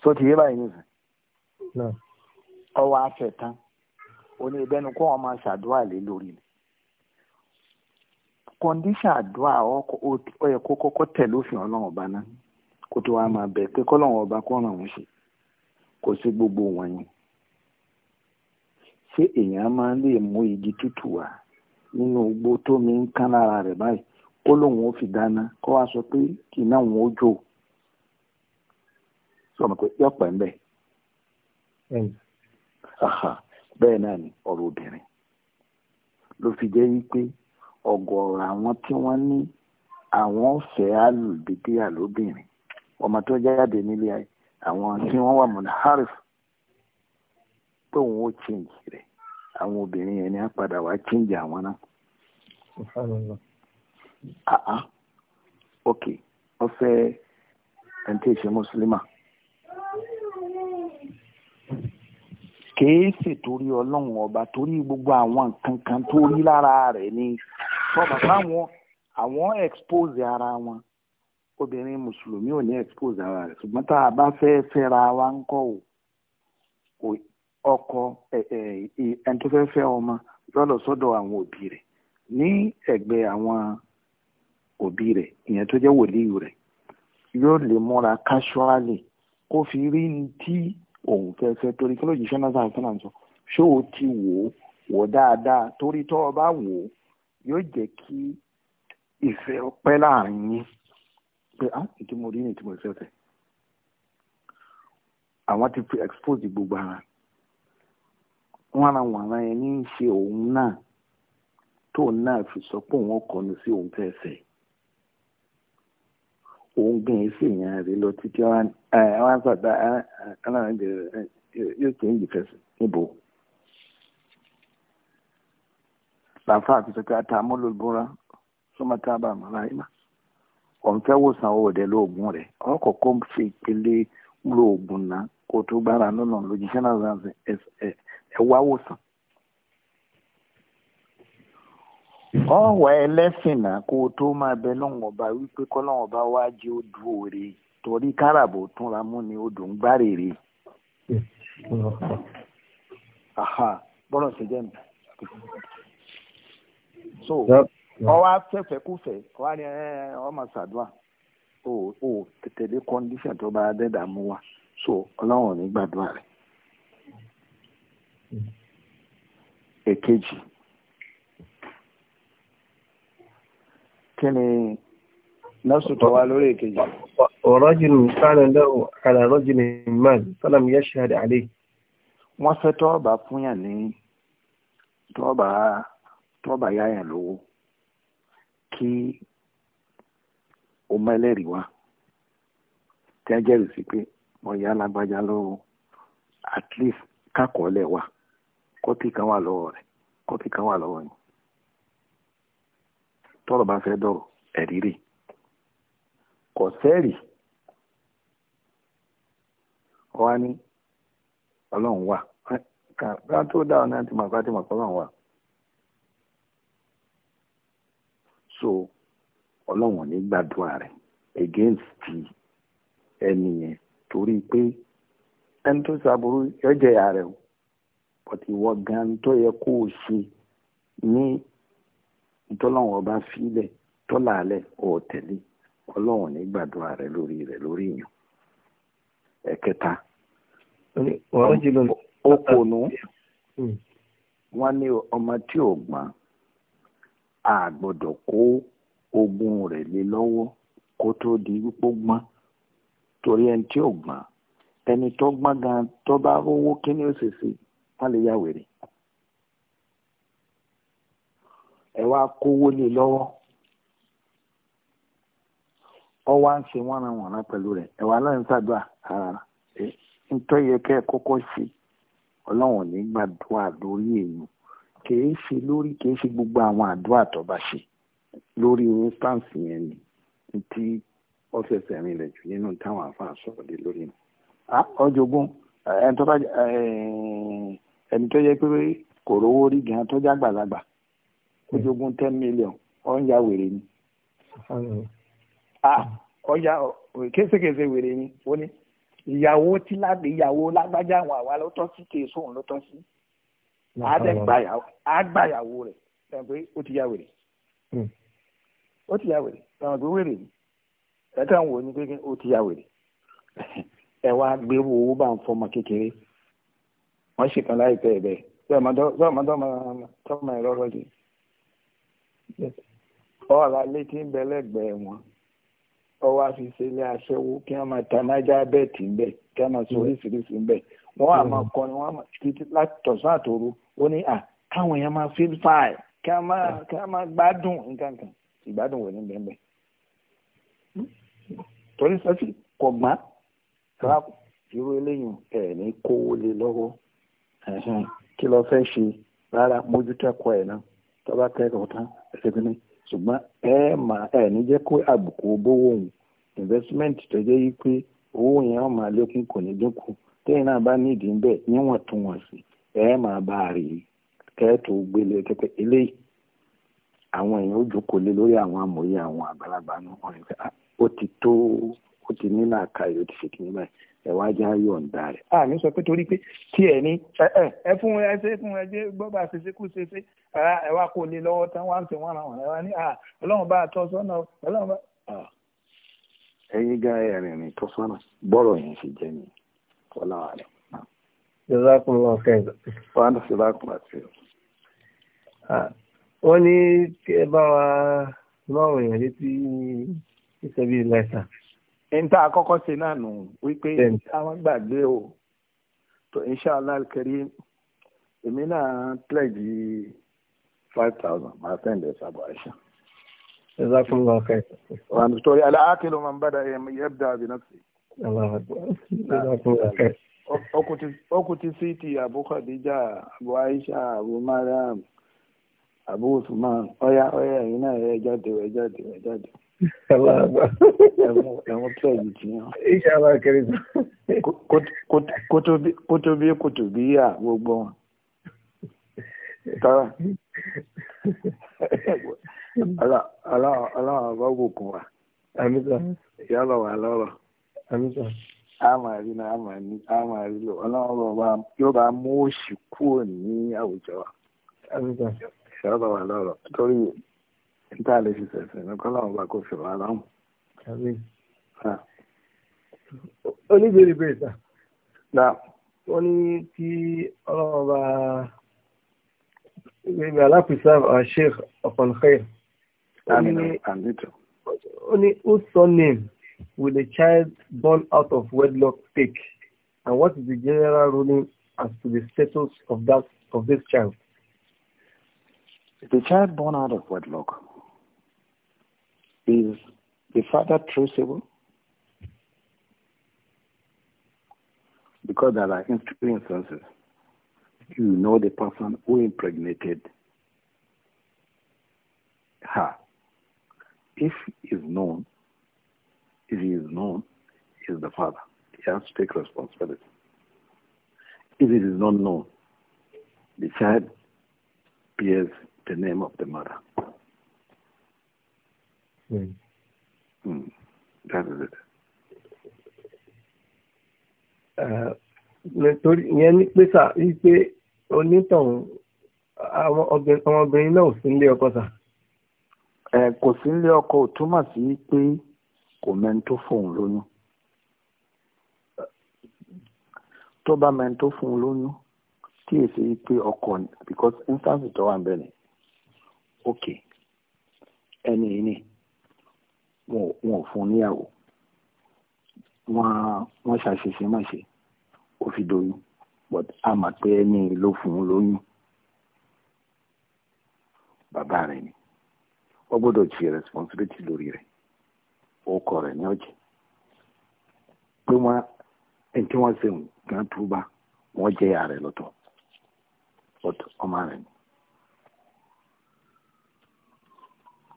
tó ti yé báyìí nìyẹn ọwọ́ afẹ́ tán ó ní ìbẹ́nu kó wọn máa ṣàdúrà lé lórí ni kọ́ndíṣà àdúrà ó yẹ kó kọ́kọ́ tẹ̀ lófin ọlọ́run ọba náà kó tó wá máa bẹ̀ pé kọ́lọ́run ọba kó ràn wọ́n ṣe kò sí gbogbo wọn yẹn ṣé èèyàn máa lè mú igi tútù wá nínú igbó tómi ń kán lára rẹ̀ báyìí kó lóun ó fi dáná kó wá sọ pé kì náà òun ó jò sọmọ pé yọpẹ ń bẹ bẹ́ẹ̀ náà ni ọ̀rọ̀ obìnrin ló fi jẹ́ wípé ọ̀gọ̀ọ̀rọ̀ àwọn tí wọ́n ní àwọn fẹ́ àlùbídíà lóbìnrin ọmọ tó jáde nílé ayé àwọn tí wọ́n wà mọ̀nà harif tóun ó change rẹ̀ àwọn obìnrin yẹn ni á padà wá change àwọn náà. àá ok ọfẹ ẹni tí ì ṣe mùsùlùmá kìí torí ọlọ́run ọba torí gbogbo àwọn nǹkan kan tó rí lára rẹ̀ ni sọ bàbá àwọn expose ara wọn obìnrin mùsùlùmí ò ní expose ara rẹ̀ ṣùgbọ́n tá a bá fẹ́ fẹ́ra wa ń kọ́ ò ọkọ ẹni tó fẹ́ fẹ́ ọmọ lọ́lọ́ sọ́dọ̀ àwọn òbí rẹ̀ ní ẹ̀gbẹ́ àwọn òbí rẹ̀ ìyẹn tó jẹ́ wòlíì rẹ̀ yóò lè múra casually kó fi rí ní tí òun fẹ́ fẹ́ torí kí ló yìí sọ́nà sáà sọ́nà sọ ṣó o ti wò ó wò dáadáa torí tó o bá wò ó yóò jẹ́ kí ìfẹ́ pẹ́ láàrin yín pé á ah, ìtí mo rí ní ìtí mo rí àwọn ti fi expose gbogbo ara wọn ara wọn ara yẹn ní í ṣe òun náà tóun náà fi sọ pé òun sí òun òun lọ títí wọn ah, ah, yóò tún yìí níbo. làǹfààní sọ pé ọ̀nfẹ́ wòsàn owó rẹ̀ lóògùn rẹ̀ ọkọ̀ kó fi ìpele lóògùn náà kó tó gbára lọ́nà lójijì náà ṣe ẹ wá wòsàn. ọ̀wọ́ ẹlẹ́sìn náà kó tó máa bẹ lọ́wọ́n ọba wípé kọ́lọ́wọ́n ọba wá jẹ́ odò òre torí káràbò túnra mú ni odò ń gbárèrè. bọ́lá ṣe jẹ́ mi. so ọwọ́ afẹ́fẹ́ kúfẹ́ wà ní ọmọ sàdúà o o tẹ̀lé kọ́ndíṣàn tó bá dẹ́dà mú wa so ọlọ́run ò ní gbàdúrà rẹ̀. èkejì kí ni nọ́ọ̀sù tó wá lórí èkejì. ọ̀rọ̀jìn sáà lẹ́wọ̀ àlà rọ́jìn imán sálàm yẹ́ ṣáàdì àlè. wọ́n fẹ́ tọ́ọ̀bà fún yàn ní tọ́ọ̀bà tọ́ọ̀bà yáyàn lówó kí o mọ ẹlẹ́rìí wá tí a jẹ́rìí sí pé ọ̀yà alágbájá lọ́wọ́ at least kákọ̀ọ́lẹ̀ wà kọ́pì kan wà lọ́wọ́ rẹ̀ kọ́pì kan wà lọ́wọ́ yìí tọ́rọ̀ bá fẹ́ dọ̀rọ̀ ẹ̀rí rè ọ wá ní ọlọ́run wà ká tó dá náà ti mọ̀ ká ti mọ̀ pé ọlọ́run wà. so ọlọ́wọ̀n ní gbàdúrà rẹ̀ against ti ẹni torí pé ẹni tó ṣàbùrú yọjẹ ìyá o but ìwọ gan tó yẹ kó o ṣe ní ìtọ́lọ́wọ̀n ọba fílẹ̀ tọ́làálẹ̀ ọ̀tẹ̀lẹ̀ ọlọ́wọ̀n ní gbàdúrà rẹ lórí lórí ẹ̀kẹta a gbọ́dọ̀ kó ogun rẹ̀ lé lọ́wọ́ kó tó di wípó gbọ́n torí ẹni tí ò gbọ́n ẹni tó gbọ́n gan tó bá rówó kíní ya were ẹ wá kówó lé lọ́wọ́ ọ wá ń ṣe wọ́n ràn wọ́n pẹ̀lú rẹ̀ ẹ wá láyé ń ṣàdúrà koko si yẹ kẹ́ ẹ kọ́kọ́ ṣe ọlọ́run kìí ṣe lórí kìí ṣe gbogbo àwọn àdúrà tó bá ṣe lórí instance yẹn ni tí ọ́fíìsì ẹ̀rin rẹ̀ jù nínú táwọn àfáà sọ̀rọ̀ lé lórí mi. ọjọ́gún ẹni tó yẹ pé kò rówó rí gan tó já gbàlagbà ọjọ́gún hmm. ten million ó ń ya wèrè ni. ọjà kéṣekéṣe wèrè ni ó ní ìyàwó tí ìyàwó lágbájá àwọn àwa ló tọ́ sí kéésù ló tọ́ sí àgbàyàwó rẹ̀ sẹ́wọ̀n pé ó ti yá wèrè hmm. ó ti yá wèrè sẹ́wọ̀n pé wèrè ni ẹ̀ka o wò ní pé ó ti yá wèrè ẹ wá gbé owó bá ń fọmọ kékeré wọ́n ṣe kan láìpẹ́ ẹ̀ bẹ́ẹ̀ sọ́ọ̀mọ́dọ́mọ́ ẹ̀rọ rọ́ọ̀dì ọ̀la létí ń bẹ lẹ́gbẹ̀ẹ́ wọn ọwọ́ àfisẹ́lẹ́ aṣẹ́wó kí wọ́n máa ta nájà bẹ́ẹ̀tì ń bẹ̀ kí wọ́n máa sọ hmm. oríṣiríṣi ń bẹ̀ wọ́n á hmm. kọrin wọ́n á títí láti tọ̀sán ó ní káwọn èèyàn máa feel fine kí a máa ah. kí a máa gbádùn nǹkan kan ìgbádùn wò ní bẹ́ẹ̀ torí sọ́sì kò gbá hmm. rà irú eléyìí ẹ̀ ní kówó lé lọ́wọ́ kí lọ fẹ́ ṣe rárá mójútó ẹ̀ náà tọ́ba kẹ́kọ̀ọ́ tán ẹ̀ṣẹ̀ kìíní ṣùgbọ́n ẹ máa ẹ ní jẹ́ kó àbùkù bówó òun investment tó jẹ́ yí pé owó yẹn wọ́n máa lékún kò ní dínkù téyìn náà bá nídìí ń bẹ̀ níwọ̀ntúnwọ̀nsì ẹ ma bá a rí kẹ́ẹ̀tù gbélé kẹ́kẹ́ eléyìí àwọn èèyàn ó jókòó lé lórí àwọn amòye àwọn àgbàlagbà ní ọ̀rìn pé ah, ti tó ó ti ní làákàyè ti ẹ wá já yọ̀ǹda rẹ̀. a mi sọ pé torí pé tí ẹ ní ẹ fún ẹ ṣe fún ẹ jẹ gbọ́ bá ṣe ṣe kú ṣe ṣe ẹ wá kó lè lọ́wọ́ tán wá ń ṣe wọ́n ra wọ́n ní ah, ọlọ́run bá tọ́ sọ́nà ọlọ́run bá. ẹyin tó Jazakumullahu khairan. Fáànù sí الله àti. Wọ́n ní kí ẹ bá wa lọ́rùn èèyàn létí ìṣẹ́bí lẹ́sà. Níta àkọ́kọ́ ṣe náà nù wípé àwọn gbàgbé o. Tó inṣàlá kiri èmi náà pledge five thousand máa send ẹ̀ sábà ẹ̀ṣẹ̀. Jazakumullahu khairan. Wọ́n á nítorí aláàkìlù máa ń bá da yabda bi nafsi. Jazakumullahu khairan ọkùtì síìtì àbú Khadija Abu Aisha àbú Mariam àbú Usman ọyá ọyá ẹ̀yin náà ẹ jáde ẹ jáde ẹ jáde. ẹ̀wọ̀n tó ẹ̀yìn tì yàn. ìṣàlá kẹrin. kótóbí kótóbí yà gbogbo wọn. tọ́ra ọlọ́run ọba ògùn wa. yálọ̀ wà lọ́rọ̀ àmà rí náà àmà ní àmà rí lò ọlọ́run ọba yóò bá mú òṣì kúrò ní àwùjọ wa ṣọ́ọ̀bà wà lọ́rọ̀ torí níta lè fi sẹ̀sẹ̀ ní kọ́lọ́run ọba kò fi wà lọ́hùn. oníbèrè bèrè ta wọ́n ní kí ọlọ́run ọba ìgbẹ́ alápèsè uh, Sheikh ọ̀pọ̀lọpọ̀ ó ní ó sọ name. will a child born out of wedlock take? And what is the general ruling as to the status of that of this child? The child born out of wedlock is the father traceable? Because there are instances. You know the person who impregnated her. If is known if he is known, he is the father. He has to take responsibility. If it is not known, the child bears the name of the mother. Mm. Mm. That is it. Uh, nítorí ìyẹn ní pé sà wípé onítọ̀hún àwọn ọmọbìnrin náà ò sí nílé ọkọ sà. kò sí nílé ọkọ ò túmọ̀ sí pé kò mẹ́ni tó fóun lóyún tó bá mẹ́ni fóun lóyún tí èsì pé ọkọ because instance tó wà ń bẹ̀rẹ̀ ok ẹni yìí ni wọn ò fún níyàwó wọn ṣàṣeṣe má ṣe ó fi doyún but a mà pé ẹni ló fún un lóyún bàbá rẹ̀ ni wọ́n gbọ́dọ̀ jì responsibility lórí rẹ̀ orúkọ rẹ̀ ní ọ̀jẹ̀ pé wọ́n ẹni tí wọ́n ṣe nǹkan túbà wọ́n jẹ́ ìyá rẹ̀ lọ́tọ̀ ọmọ rẹ̀ ni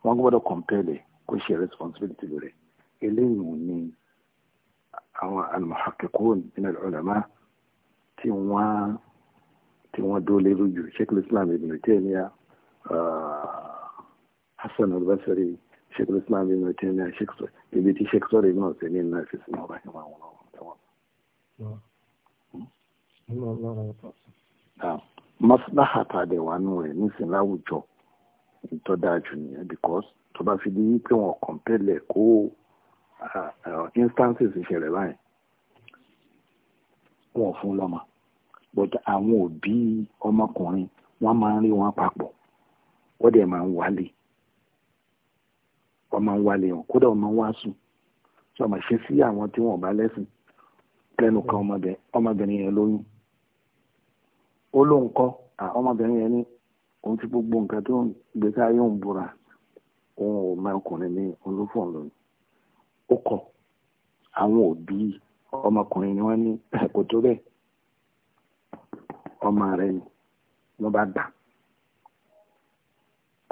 wọ́n gbọ́dọ̀ kọ̀ǹpẹ́lẹ̀ kó ṣe responsibility rẹ̀ eléyìí ni àwọn almuhakikun min alulama tí wọ́n tí wọ́n dó lérú jù sheikh islam ibn taymiya ah, hasan al sheikh islam bin mauritania sheikh sọ ibi tí sheikh sọ̀rọ̀ ibi náà ṣe ní náà ṣèṣin náà báyìí wọn àwọn ọmọ tẹwọn. maslaha tàdé wà nù rẹ̀ nísìnyí láwùjọ tó dáa jù nìyẹn because tó bá fi di pé wọn kọ̀ǹpẹ́lẹ̀ kó ah, ah, instances ìṣẹ̀lẹ̀ báyìí wọn fún lọ́mọ but àwọn òbí ọmọkùnrin wọn máa ń rí wọn papọ̀ wọ́n dẹ̀ máa ń wálé ọmọ ń wálé hàn kódà ọmọ ń wá sùn tí ọmọ ṣe sí àwọn tí wọn bá lẹ́sìn lẹ́nu kan ọmọbìnrin yẹn lóyún ó lóun kọ́ ọmọbìnrin yẹn ní òun ti gbogbo nǹkan tó ń gbé káyọ̀ ń búra òun ò mọ ọkùnrin ní olófò lónìí ó kọ àwọn òbí ọmọkùnrin ni wọ́n ní kò tó bẹ́ẹ̀ ọmọ rẹ̀ ni wọ́n bá gbà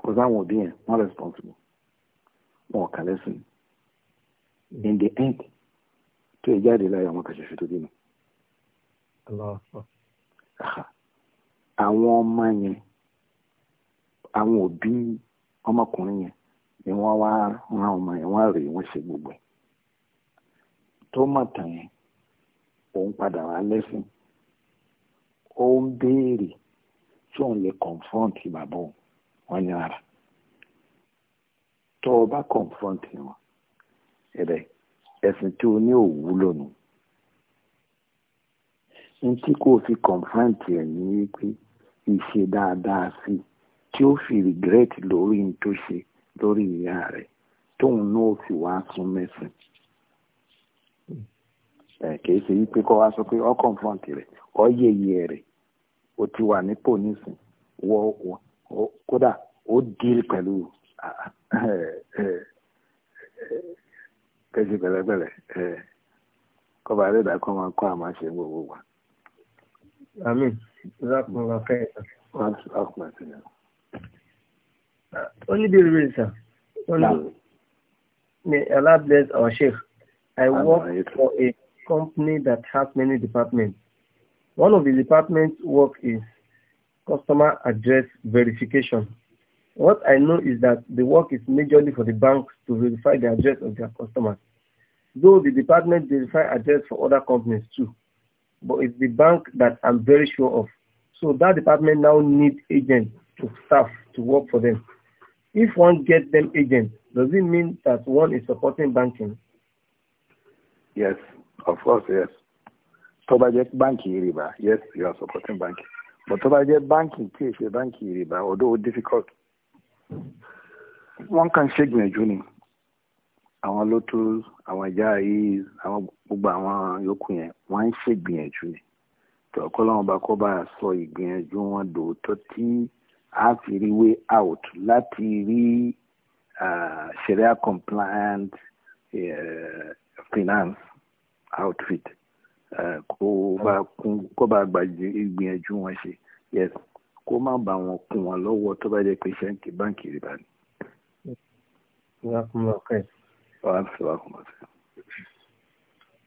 kò sáwọn òbí yẹn wọ́n responsible wọn kà lẹ́sìn in the end tó yẹ jáde láyé àwọn kàṣẹṣẹ tó dínú. àwọn ọmọ yẹn àwọn òbí ọmọkùnrin yẹn ni wọ́n wá ran ọmọ yẹn wọ́n rèé wọ́n ṣe gbogbo ẹ̀ tó mọ̀ tàn yẹn òun padà wá lẹ́sìn ó ń béèrè tí òun lè confront bàbá òun wọ́n ní rárá tó o bá confront wọn ẹ̀rẹ̀ ẹ̀sìn tí o ní òwú lónìí ní tí kò fi confront ẹ̀ ní wípé ìṣe dáadáa sí tí ó fi regret lórí n tó ṣe lórí ìyá rẹ̀ tóun náà fi wá sún mẹ́sìn ẹ̀ kìí ṣe wípé kọ́ wá sọ pé ọ́ confront rẹ̀ ọ́ yẹ̀yẹ̀ rẹ̀ o ti wà nípò nísìn wọ́ kódà ó díl pẹ̀lú kẹ́sì pẹ̀lẹ́pẹ̀lẹ́ kọba àrẹ́dà kan máa kọ́ àmà ṣe gbogbo wa. àmín lápò ọ̀kẹ́ ìta. ó ní bí rèé sà may Allah bless our sheikh I work for a company that has many departments one of the departments work is customer address verification. What I know is that the work is majorly for the banks to verify the address of their customers, though the department verify address for other companies too. But it's the bank that I'm very sure of. So that department now need agents to staff to work for them. If one gets them agents, does it mean that one is supporting banking? Yes, of course, yes. Tó bá jẹ́ báńkì yes, you are supporting banking. But tó bá jẹ́ báńkì tí èsè báńkì although difficult, wọ́n kàn ṣe gbìyànjú ni àwọn lótú àwọn ìyá yìí àwọn gbogbo àwọn yòókù yẹn wọ́n ń ṣe gbìyànjú ni tọ́kọ́ lọ́wọ́n bá kọ́ bá sọ ìgbìyànjú wọn dòótọ́ tí a fi rí way out láti rí sharia compliant finance outfit kó bá kún kó bá gbàgbé ìgbìyànjú wọn ṣe yes kó má bà wọn kún wọn lọ́wọ́ tó bá jẹ́ pé fẹ́ǹkì báǹkì rìbá ni.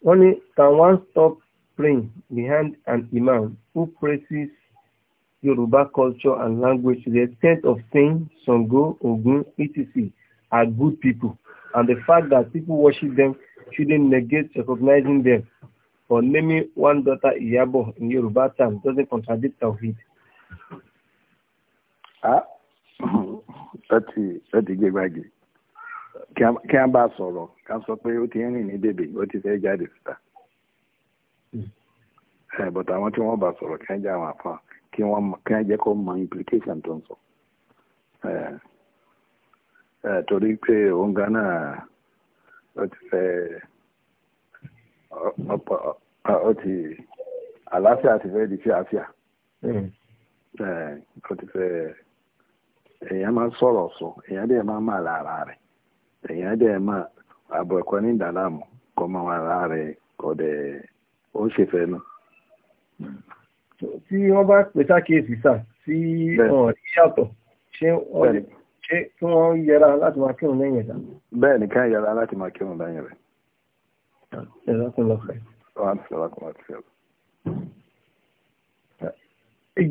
wọ́n ní can one stop praying behind an imam who praises Yoruba culture and language to the extent of saying Sango, Ogun, etc. are good people and the fact that people worship them shouldn't negate recognizing them for naming one daughter Iyabo in Yoruba terms doesn't contradict Tawhid. ó ah, ti gbé gbági kí a bá sọ̀rọ̀ ká sọ pé ó ti ń rìn ní bèbè ó ti fẹ́ jáde síta eh, but àwọn tí wọ́n bá sọ̀rọ̀ kí wọ́n jẹ́ àwọn àfa kí wọ́n jẹ́ kó mọ implication tó ń sọ eh, eh, torí pé òun gan ó ti fẹ́ ó ti àlàáfíà èèyàn máa sọ̀rọ̀ sọ èèyàn dẹ̀ máa máa la ara rẹ̀ èèyàn dẹ̀ máa àbọ̀ ẹ̀kọ́ ní ìdàlámù kọ́ máa wà ara rẹ̀ kọ́ dẹ̀ ó ṣe fẹ́ nu. tí wọ́n bá pè sákèésì sà sí ọ̀rọ̀ yíyàtọ̀ ṣé wọ́n yẹra láti máa kírun lẹ́yìn ẹ̀dá. bẹ́ẹ̀ ni ká yẹra láti máa kírun lẹ́yìn rẹ̀.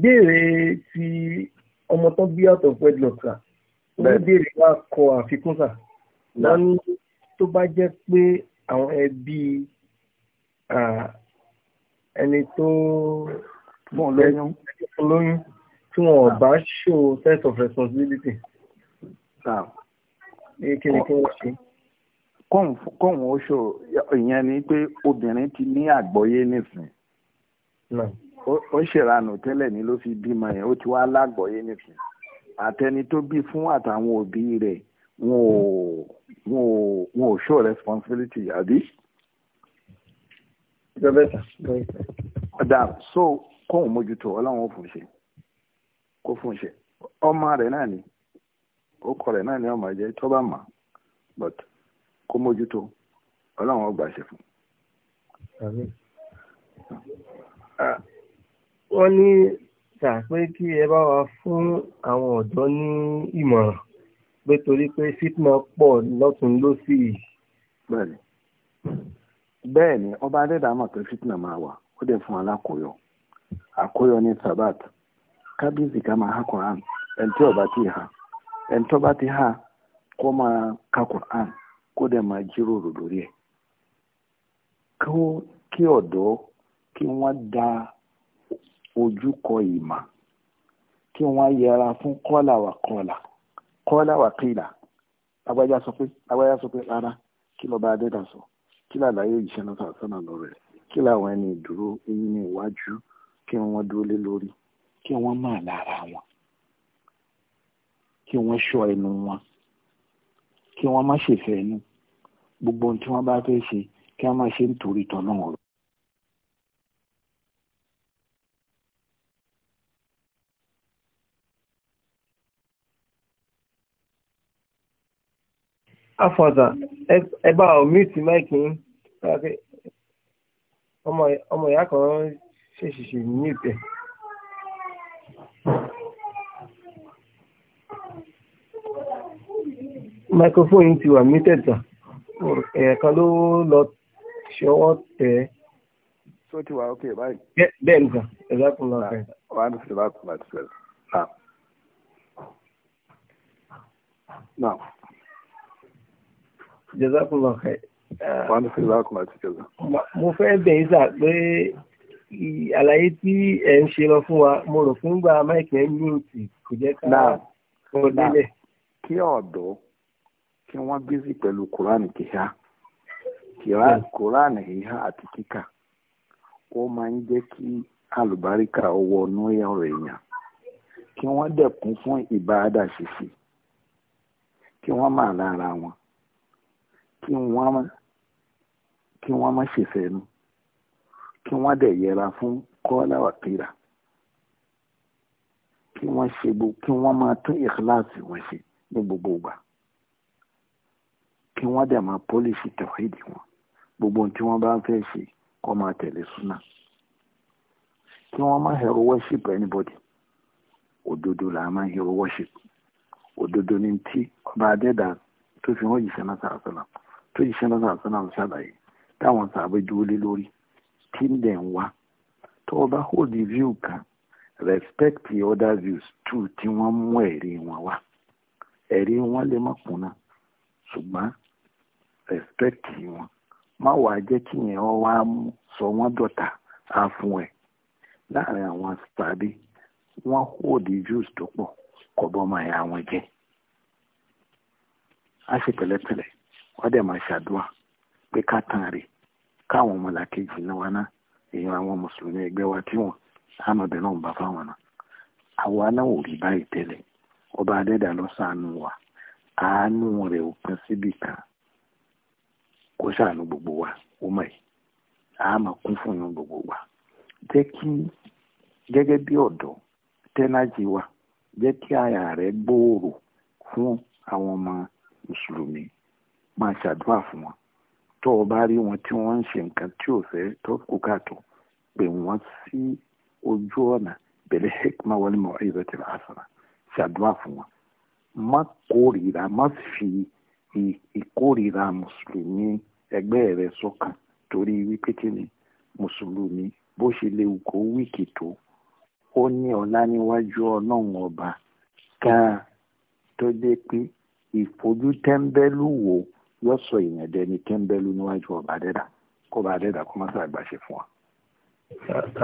ti ọmọ tó bí out of wedlock sà oníbèrè wa kọ àfikún sà wọ́n ní tó bá jẹ́ pé àwọn ẹbí ẹni tó bọ́n lóyún lóyún tí wọn bá show sense of responsibility ní ni kí wọ́n ó ṣò ìyẹn ni pé obìnrin ti ní àgbọ́yé nísìn ó ṣèranù tẹ́lẹ̀ ní ló fi bímọ yẹn ó ti wá lágbọ̀ọ́yé nìkan àtẹni tó bí fún àtàwọn òbí rẹ̀ wọn ò wọn ò wọn ò show responsibility àbí. ọ̀dà so kóun mójútó ọlọ́run ó fún ṣe kó fún ṣe ọmọ rẹ̀ náà ni ó kọ rẹ̀ náà ni ọmọ jẹ́ tó bá mọ̀ but kó mójútó ọlọ́run ó gbàṣẹ fún. wọ́n ní ta pé kí ẹ bá wa fún àwọn ọ̀dọ́ ní ìmọ̀ràn pé torí pé fitna pọ̀ lọ́tún lósì yìí. bẹ́ẹ̀ni bẹ́ẹ̀ni ọba adẹ́dàá mọ̀ pé fitna máa wà ó fún alákòóyọ àkóyọ ní sabat kábíyèsí ká máa ha quran ẹni tí ọba ha ẹni tó bá ti ha kó máa ka quran kó dẹ̀ máa jíròrò lórí ẹ̀ kí ọ̀dọ́ kí wọ́n ojú kọ ìmọ̀ kí wọ́n yẹra fún kọ́là wà kọ́là kọ́là wà kìlà agbájá sọ pé agbájá sọ pé rárá kí ló bá dẹ́dà sọ kí làlàyé ìṣẹ́ náà sàtọ́nà lọ rẹ̀ kí làwọn ẹni ìdúró ní iwájú kí wọ́n dúró lé lórí kí wọ́n má lára wọn kí wọ́n ṣọ́ ẹnu wọn kí wọ́n má ṣèfẹ́ ẹnu gbogbo ohun tí wọ́n bá fẹ́ ṣe kí wọ́n má ṣe nítorí tọ́lọ́run afọ̀dà ẹgbà omi ti máìkì ń pàdé ọmọ ìyá kan ṣèṣìṣì ní ìpẹ́. microphone yìí ti wà mí tẹ̀tà ẹ̀ẹ̀kan ló lọ ṣọwọ́ tẹ̀ ẹ́. tó ti wà ókè báyìí. bẹ́ẹ̀ nìkan ẹ̀dá kun lọ rẹ̀. Ah, wà á ní sinimá kùnà ti ah. Now. jazakallahu khair mo fẹ́ sà pé àlàyé tí ẹ̀ ń ṣe lọ fún wa mo rò fún gba mike ẹ̀ ń kò jẹ́ ká kó délẹ̀. kí ọ̀dọ́ kí wọ́n bízì pẹ̀lú kuraani kíhá kuraani híhá àti kíkà ó máa ń jẹ́ kí alùbáríkà ọ̀nà ọ̀rọ̀ èèyàn kí wọ́n dẹ̀kun fún wọn kí wọ́n kí wọ́n má ṣèfẹ́ nu kí wọ́n dẹ̀ yẹra fún kọ́lá wàkìrà kí wọ́n ṣe kí wọ́n máa tún ìkíláàsì wọn ṣe ní gbogbo ìgbà kí wọ́n dẹ̀ máa pólíṣì tẹ̀wéèdì wọn gbogbo tí wọ́n bá fẹ́ ṣe kó máa tẹ̀lé súnà kí wọ́n má hero worship anybody òdodo là máa hero worship òdodo ni ti ọba adẹ́dà tó fi wọ́n yìí sẹ́nà sàrásọ́nà tó ìṣẹ́ náà sàṣánà ṣàlàyé táwọn sàbẹ̀ dúró lé lórí tí ń dẹ̀ ń wá tó o bá hold the view kan respect the other views too tí wọ́n mú ẹ̀rí wọn wá ẹ̀rí wọn lè má kùnà ṣùgbọ́n respect wọn má wàá jẹ́ kí yẹn ọ wá sọ wọ́n dọ̀tà á fún ẹ̀ láàrin àwọn sàbẹ̀ wọ́n hold the views tó pọ̀ kọ́ bọ́ máa yà wọ́n jẹ́ á ṣe pẹ̀lẹ́pẹ̀lẹ́. ọ dị ma ṣàdúrà pé ká tàn rè káwọn ọmọlàkejì náà wá náà èèyàn àwọn mùsùlùmí ẹgbẹ́ wa tí wọn àmọ̀bẹ̀ náà ń bá fáwọn náà rí báyìí ọba adẹ́dà ló ṣàánú wa àánú rẹ̀ òpin síbì kan kó ṣàánú gbogbo wa ó mọ̀ àmọ̀ kún fún yín gbogbo wa fún àwọn ọmọ máa ṣàdúrà fún wọn tó o bá rí wọn tí wọ́n ń ṣe nǹkan tí ò fẹ́ tó kù káàtó pè wọ́n sí ojú ọ̀nà pẹ̀lú hikma wal maw'izatil hasana ṣàdúrà fún wọn má kórìíra má fi ìkórìíra mùsùlùmí ẹgbẹ́ rẹ sọ́kàn torí wípé kí ni mùsùlùmí bó ṣe léwu kó wíìkì tó ó ní ọlá níwájú ọlọ́run ọba kan tó dé pé ìfojú tẹ́ńbẹ́lú yóò sọ èèyàn dẹni tẹ́ńbẹ́lú níwájú ọba dẹ́dà kó bá dẹ́dà kó má ṣàgbàṣe fún wa.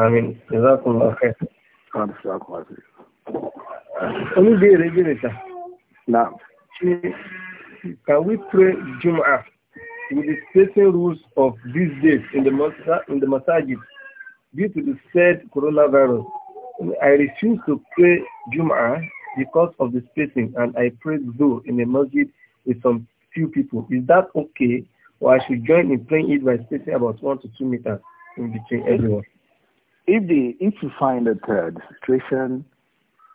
àmín ìzákùnlọ ta. can we pray jum'ah with the spacing rules of these days in the masa in the masajid due to the said coronavirus i refuse to pray jum'ah because of the spacing and i pray zuhr in a masjid with some few people. Is that okay? Or I should join in playing it by spacing about one to two meters in between everyone? If the if you find that uh, the situation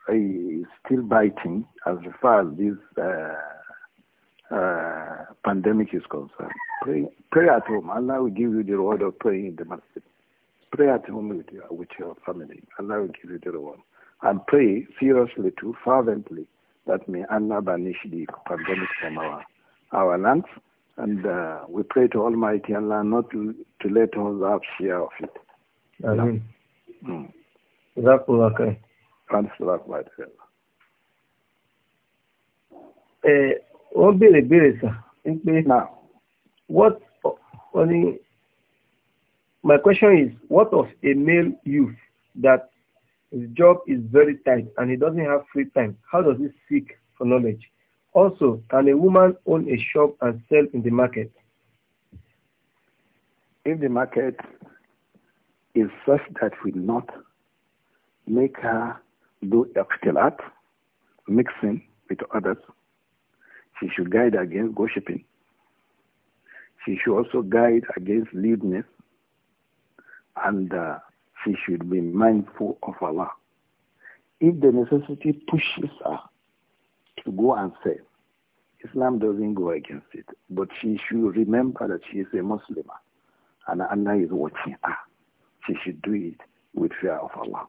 is still biting as far as this uh, uh, pandemic is concerned, pray, pray at home. Allah will give you the reward of praying in the masjid. Pray at home with your, with your family. Allah will give you the reward. And pray seriously too, fervently, that may Allah banish the pandemic from our our lands, and uh, we pray to Almighty Allah not to, to let us have share of it. Amen. Mm. Eh, wọ́n what only my question is what of a male youth that his job is very tight and he doesn't have free time how does he seek for knowledge? Also, can a woman own a shop and sell in the market? If the market is such that will not make her do ikhtilat, mixing with others, she should guide against gossiping. She should also guide against lewdness and uh, she should be mindful of Allah. If the necessity pushes her to go and say, Islam doesn't go against it, but she should remember that she is a Muslim and Allah is watching her. She should do it with fear of Allah.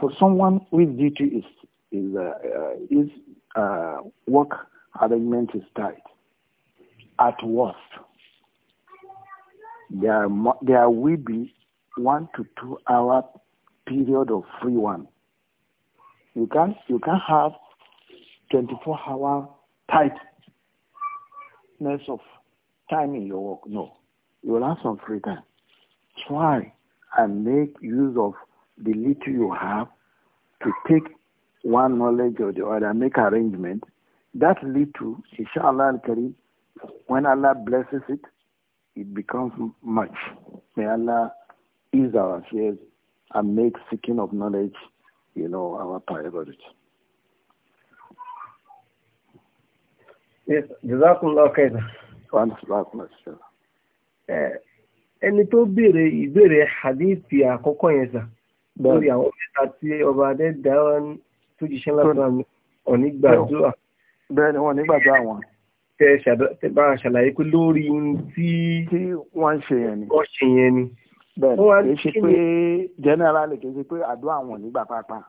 For someone whose duty is, is, uh, uh, is uh, work arrangement is tight, at worst, there, there will be one to two hour period of free one. You can you can have 24-hour tightness of time in your work. No. You will have some free time. Try and make use of the little you have to take one knowledge or the other, make arrangement. That little, inshallah al-Karim, when Allah blesses it, it becomes much. May Allah ease our fears and make seeking of knowledge, you know, our priority. jazakumullahu khairan. ẹni tó béèrè ìbéèrè hadithi àkọ́kọ́ yẹn sà lórí àwọn mẹ́ta tí ọba adẹ́dá tó jíṣẹ́ lásán onígbàdúrà. bẹ́ẹ̀ ni wọ́n nígbàdúrà wọn. tẹ bá a ṣàlàyé pé lórí tí wọ́n ṣe yẹn ni. wọ́n ṣe yẹn ni. bẹ́ẹ̀ ni kì í ṣe pé general kì í ṣe pé àdúrà wọn nígbà pàápàá.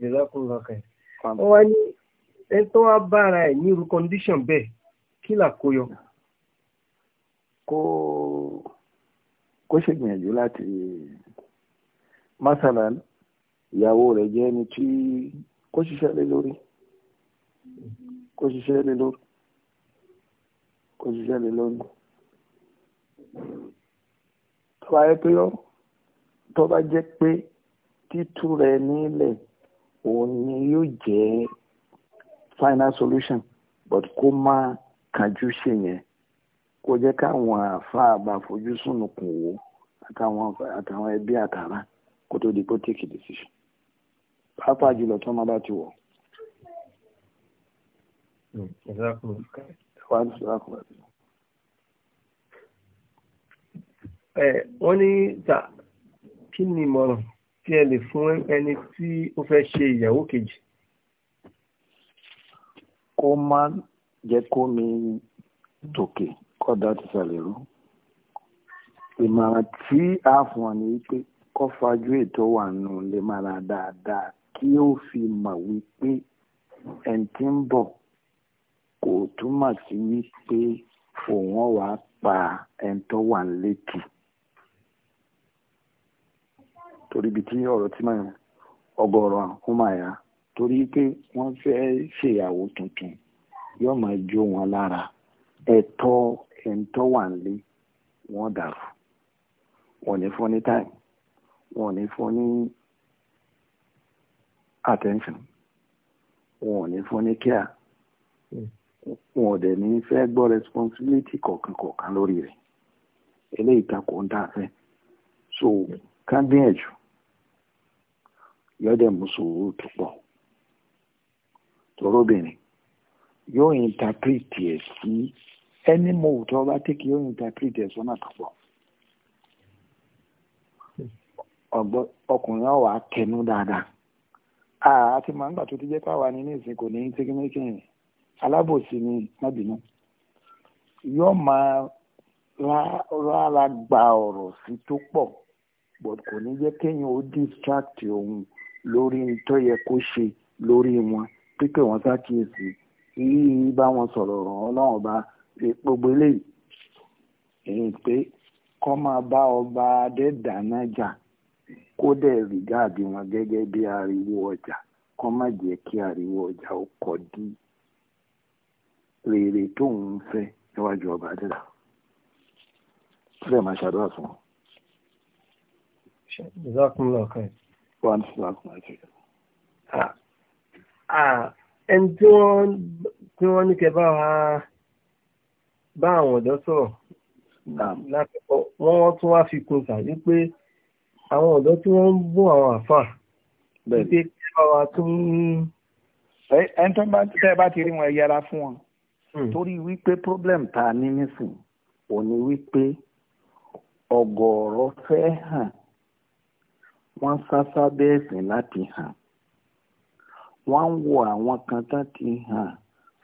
jazakumullahu khairan. wọ́n wá ní ẹni tó wá bára ẹ̀ ní irú condition bẹ́ẹ̀ kí là kó yọ. kó kó ṣègbìyànjú láti masala ìyàwó rẹ̀ jẹ́ ẹni tí kó ṣiṣẹ́ lé lórí kó ṣiṣẹ́ lé lórí kó ṣiṣẹ́ lé lórí tó bá yẹ pé ó tó bá jẹ́ pé títú rẹ̀ nílẹ̀ òun ni yóò jẹ́ final solution but kó má kanjú ṣe yẹn kó jẹ́ káwọn àáfàá bá fojú sùnùkùn wò àtàwọn àtàwọn ẹbí àtàrà kó tó di pé take a decision pàápàá jùlọ tí wọ́n má bá ti wọ̀. wọ́n ní ta kí ni ìmọ̀ràn tí ẹ lè fún ẹni tí ó fẹ́ ṣe ìyàwó kejì kó má jẹ́ kó mi tòkè kọ́dà ti ìmọ̀ràn tí a fún ọ ní wípé kó fajú ètò wà nù lè dáadáa kí ó fi mọ̀ wípé ẹni tí ń bọ̀ kò túmọ̀ sí wípé òun wà pa ẹni tó wà létí torí ibi tí ọ̀rọ̀ tí máa ọgọ́rọ̀ torí pé wọ́n fẹ́ ṣèyàwó tuntun yóò máa jó wọn lára ẹ̀tọ́ ẹ̀ńtọ́ wà nílé wọ́n dàrú wọ́n ní fún ní time wọ́n ní fún ní attention wọ́n ní fún ní care wọn ò dẹ̀ ní fẹ́ gbọ́ responsibility kọ̀ọ̀kan kọ̀ọ̀kan lórí rẹ̀ eléyìí takò ń dáfẹ́ so ká gbìyànjú yọ́dẹ̀ mú sùúrù tó pọ̀. torobìnrin yóò interpret ẹ̀ sí ẹni mo tó ọba tẹ́kì yóò interpret ọkùnrin ọ̀wà tẹnu dáadáa àti màá ń gbà tó ti ni ní ìsìn ní alábòsí ni mábìínú yóò máa rárá gba ọrọ sí tó but kò ní jẹ́ kéèyàn ó distract òun lórí tó yẹ kó ṣe lórí pípé wọn ṣàkíyèsí yíyí bá wọn sọ̀rọ̀ ọlọ́run ọba gbogbo eléyìí èyí pé kọ́ máa bá ọba adẹ́dàáná jà kó dẹ̀ rí gáàdì wọn gẹ́gẹ́ bí ariwo ọjà kọ́ má jẹ́ kí ariwo ọjà ó kọ́ rere tó ń fẹ́ ọba adẹ́dà ẹni tí wọ́n ní kẹ bá àwọn ọ̀dọ́ sọ̀rọ̀ lápapọ̀ wọ́n tún wá fi kún tàbí pé àwọn ọ̀dọ́ tí wọ́n ń bú àwọn àfà pé kí bàbá tún. ẹni tó bá ti rí wọn yẹra fún wọn hmm. torí wípé problem ta ní nísìn ò wípé ọ̀gọ̀ọ̀rọ̀ fẹ́ hàn wọ́n sá sábẹ́ ẹ̀sìn láti hàn. wọ́n ń wo àwọn kan tán ti hàn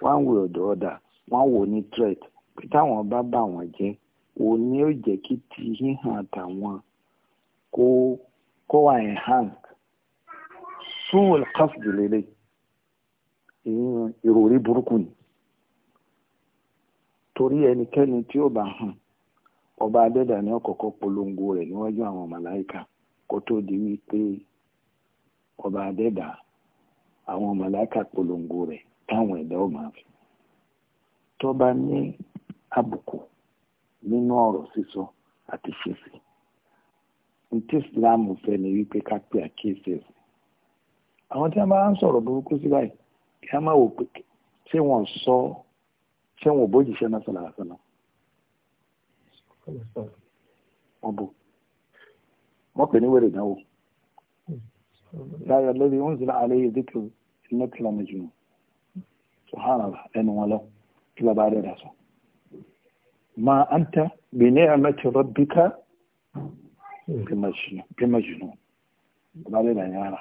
wọ́n ń wo ọ̀dọ̀ ọ̀dà wọ́n ń wo ní threat pé táwọn bá bà wọ́n ni ó jẹ́ kí ti híhàn tàwọn kó kó wà ẹ̀ hàn lélẹ̀ ìròrí burúkú ni torí ẹnikẹ́ni tí ó ọba polongo rẹ̀ níwájú àwọn màláìka kó tó di ọba àwọn màláìka polongo rẹ̀ táwọn ẹ̀dá ò máa fi tó bá ní àbùkù nínú ọ̀rọ̀ sísọ àti ṣèṣì ntí islam fẹ́ ni wípé ká pè àkíyèsí ẹ̀sìn àwọn tí wọ́n bá ń sọ̀rọ̀ burúkú sí báyìí kí wọ́n máa wò pé ṣé wọ́n sọ ṣé wọ́n bójì ṣe náà sọ̀rọ̀ àṣọ náà wọ́n bò wọ́n pè ní wèrè náà hmm. láyọ̀ lórí oúnjẹ àlẹ́ yìí dìkìrì mẹ́tìlá mẹ́jọ subhanallah ẹnu wọn lọ kí bàbá rẹ̀ dà sọ. ma anta bi ni'mati rabbika bí mẹ́jọ bàbá rẹ̀ dà yàrá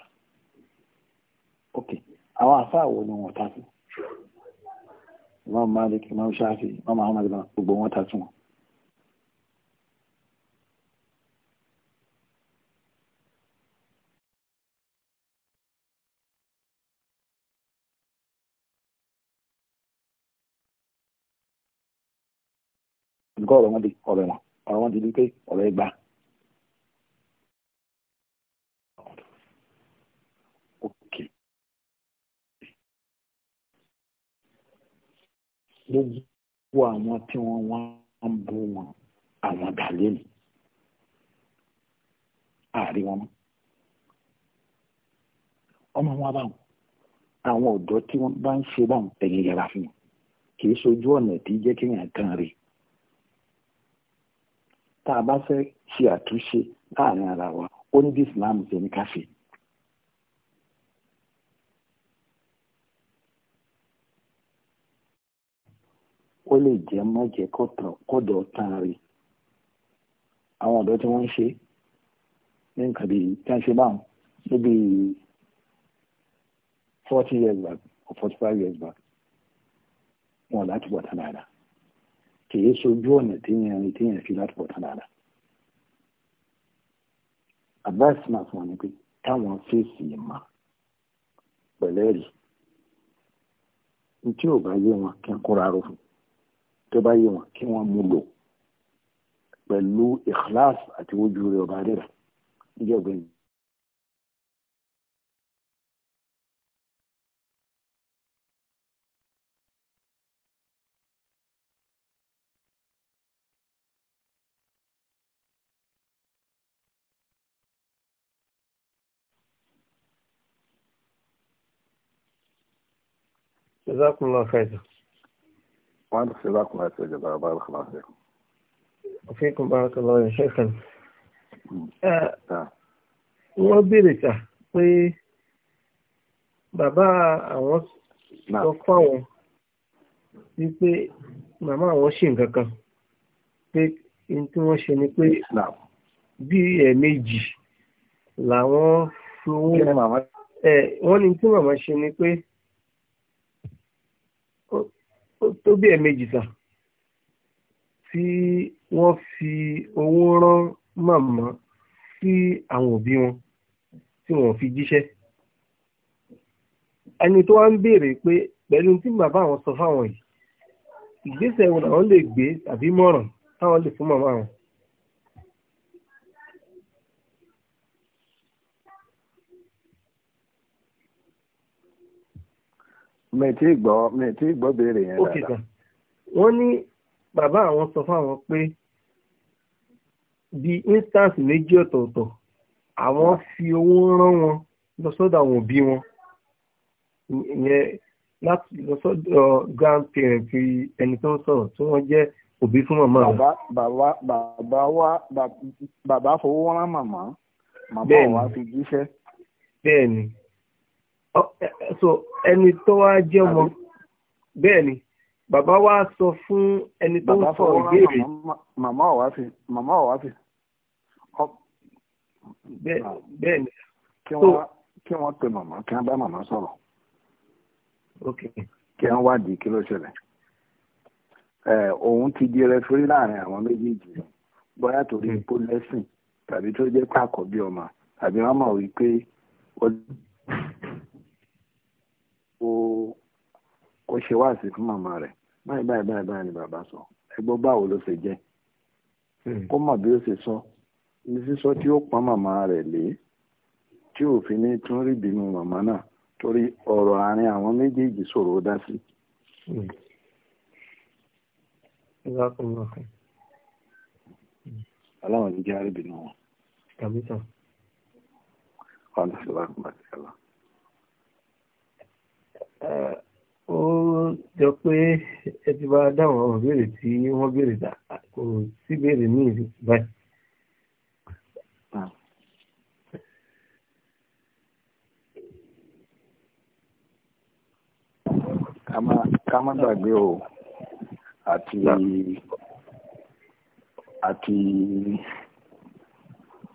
ok àwọn àfáà wo ni wọ́n ta sí imam malik imam shafi imam ahmad gbogbo wọn ta nǹkan ọ̀rọ̀ wọn di ọ̀rọ̀ ẹ̀wọ̀n ọ̀rọ̀ wọn di wípé ọ̀rọ̀ ẹgbà. gbogbo àwọn tí wọ́n wá ń bú wọn àwọn gàlẹ́lì àárín wọn ọmọ wọn bá wọn àwọn ọ̀dọ́ tí wọ́n bá ń ṣe báwọn ẹ̀yìn yẹra fún wọn kì í ṣojú ọ̀nà tí jẹ́ kéèyàn kan rèé tá a bá fẹ́ ṣe àtúnṣe láàrin ara wa ó ní bí islam ṣe ní káfí. ó lè jẹ́ mọ́jẹ́ kọ́dọ̀ tán rí àwọn ọ̀dọ́ tí wọ́n ń ṣe ní nǹkan bíi tí ṣe báwọn níbi forty years back or forty five years back wọn láti bọ̀ tán dáadáa kì í sojú ọ̀nà téèyàn téèyàn fi láti pọ̀ tán dáadáa advice máa fún wa ni pé táwọn fèsì ìmọ̀ pẹ̀lẹ́rì tí ò bá yé wọn kí n kóra ró fún tó bá yé wọn kí wọ́n mú lò pẹ̀lú ìkíláàsì àti ojú jazakumullah khairan. wọ́n á ṣe bákan láti ọjọ́ bàbá bá lọ́kàn láti ẹ̀kọ́. òfin kan bá lọ́kàn lọ́wọ́ ìṣe kan. wọ́n béèrè sà pé bàbá àwọn sọ fún àwọn wípé màmá àwọn ṣe nǹkan kan pé n tí wọ́n ṣe ni pé bí ẹ̀ẹ̀mejì làwọn fi owó wọ́n ní tí màmá ṣe ni pé ó tó bí ẹ̀ẹ̀mejì sà tí wọ́n fi owó rán màmá sí àwọn òbí wọn tí wọ́n fi jíṣẹ́ ẹni tó wá ń béèrè pé pẹ̀lú tí bàbá àwọn sọ fáwọn yìí ìgbésẹ̀ wọn làwọn lè gbé tàbí mọ̀ràn táwọn lè fún màmá wọn mi tí gbọ́ mi tí gbọ́ béèrè yẹn dáadáa. wọ́n ní bàbá àwọn sọ fáwọn pé di instance méjì ọ̀tọ̀ọ̀tọ̀ àwọn fi owó rán wọn lọ sọ́dọ̀ àwọn òbí wọn ìyẹn láti lọ sọ́dọ̀ grandparent ẹni tó ń sọ̀rọ̀ tí wọ́n jẹ́ òbí fún màmá rẹ̀. bàbá bàbá wa bàbá fowó rán màmá màmá wa fi jíṣẹ́. bẹ́ẹ̀ni so ẹni tó wá jẹ́ ọmọ bẹ́ẹ̀ ni bàbá wa sọ fún ẹni tó ń sọ ìbéèrè. màmá ọ̀ wá fi màmá ọ̀ wá fi. bẹ́ẹ̀ ni. kí wọ́n pe màmá kí wọ́n bá màmá sọ̀rọ̀ ok, kí wọ́n wádìí kí ló ṣẹlẹ̀ òun ti di rẹfúrí láàrin àwọn méjèèjì bóyá torí ipò hmm. lẹ́sìn tàbí tó jẹ́ pàkọ́ bí ọmọ tàbí wọ́n mọ̀ wípé o ó ṣe wáàsí fún màmá báyìí ni bàbá sọ ẹgbọ́n báwo ló ṣe jẹ́ hmm. kó mọ̀ bí ó ṣe sọ ní sísọ tí ó pọ́n màmá rẹ̀ lé tí òfin ní tún rí bínú màmá náà torí ọ̀rọ̀ àárín àwọn méjèèjì dá sí. Hmm. aláwọ̀ hmm. ní jẹ́ wọn. ó jọ pé ẹ ti bá tí wọ́n béèrè kò sí ní ìlú báyìí. ká má o àti àti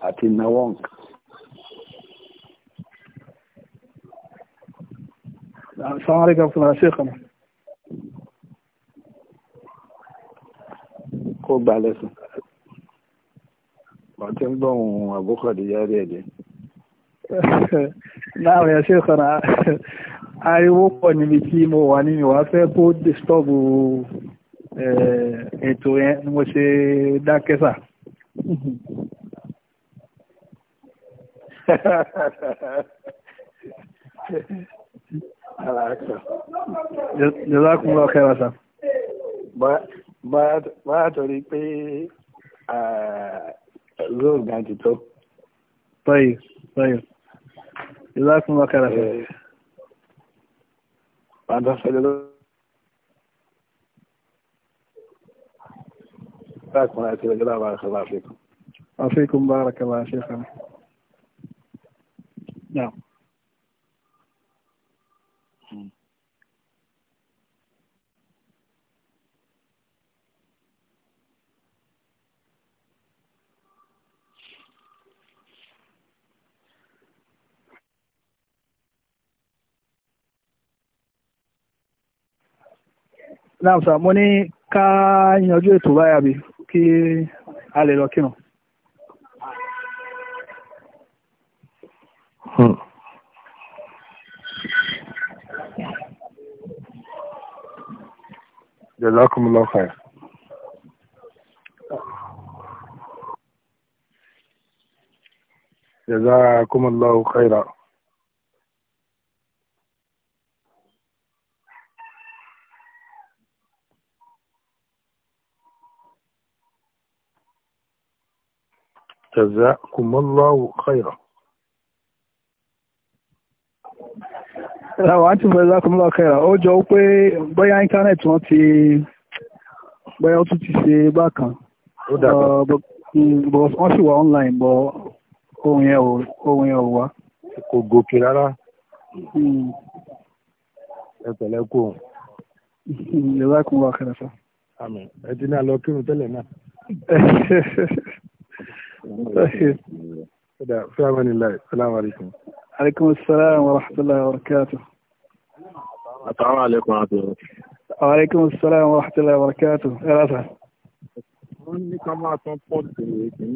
àti السلام عليكم ورحمة الله شيخنا kó gbà lẹ́sùn ọ̀tí ń gbọ́n àbúkọ̀dé yárí ẹ̀dẹ́ láàrin ẹ̀ṣẹ́ kọ̀nà ariwo pọ̀ níbi tí mo wà nínú wá fẹ́ kó dìstọ́bù eh, ètò yẹn جزاكم الله خيرا سام bá a torí pé zoo gan ti tó. طيب طيب جزاكم الله خيرا سام. وأنت صلى جزاكم الله خيرا بارك الله فيكم. وفيكم بارك الله شيخنا. نعم. náà sà mo ní ká yanjú ètò báyà bí kí a lè lọ kírun. جزاكم الله خير جزاكم الله خيرا jazakumullahu khairan. Ẹ̀wọ̀n àti jazakumullahu khairan. Ó jọ pé bóyá íńtánẹ̀tì wọ́n ti bóyá ó tún ti ṣe bákan. Ó dàgbà. Hmm, wọ́n sì wà online bọ̀ ohun yẹn ò wá. Kò gòkè rárá. Hmm. Ẹ pẹ̀lẹ́ kú òun. Hmm, jazakumullahu khairan sá. Àmín. Ẹ ti kírun tẹ́lẹ̀ náà. طيب. في امان الله السلام عليكم عليكم السلام ورحمه الله وبركاته السلام عليكم ورحمه الله وعليكم السلام ورحمه الله وبركاته يا رفع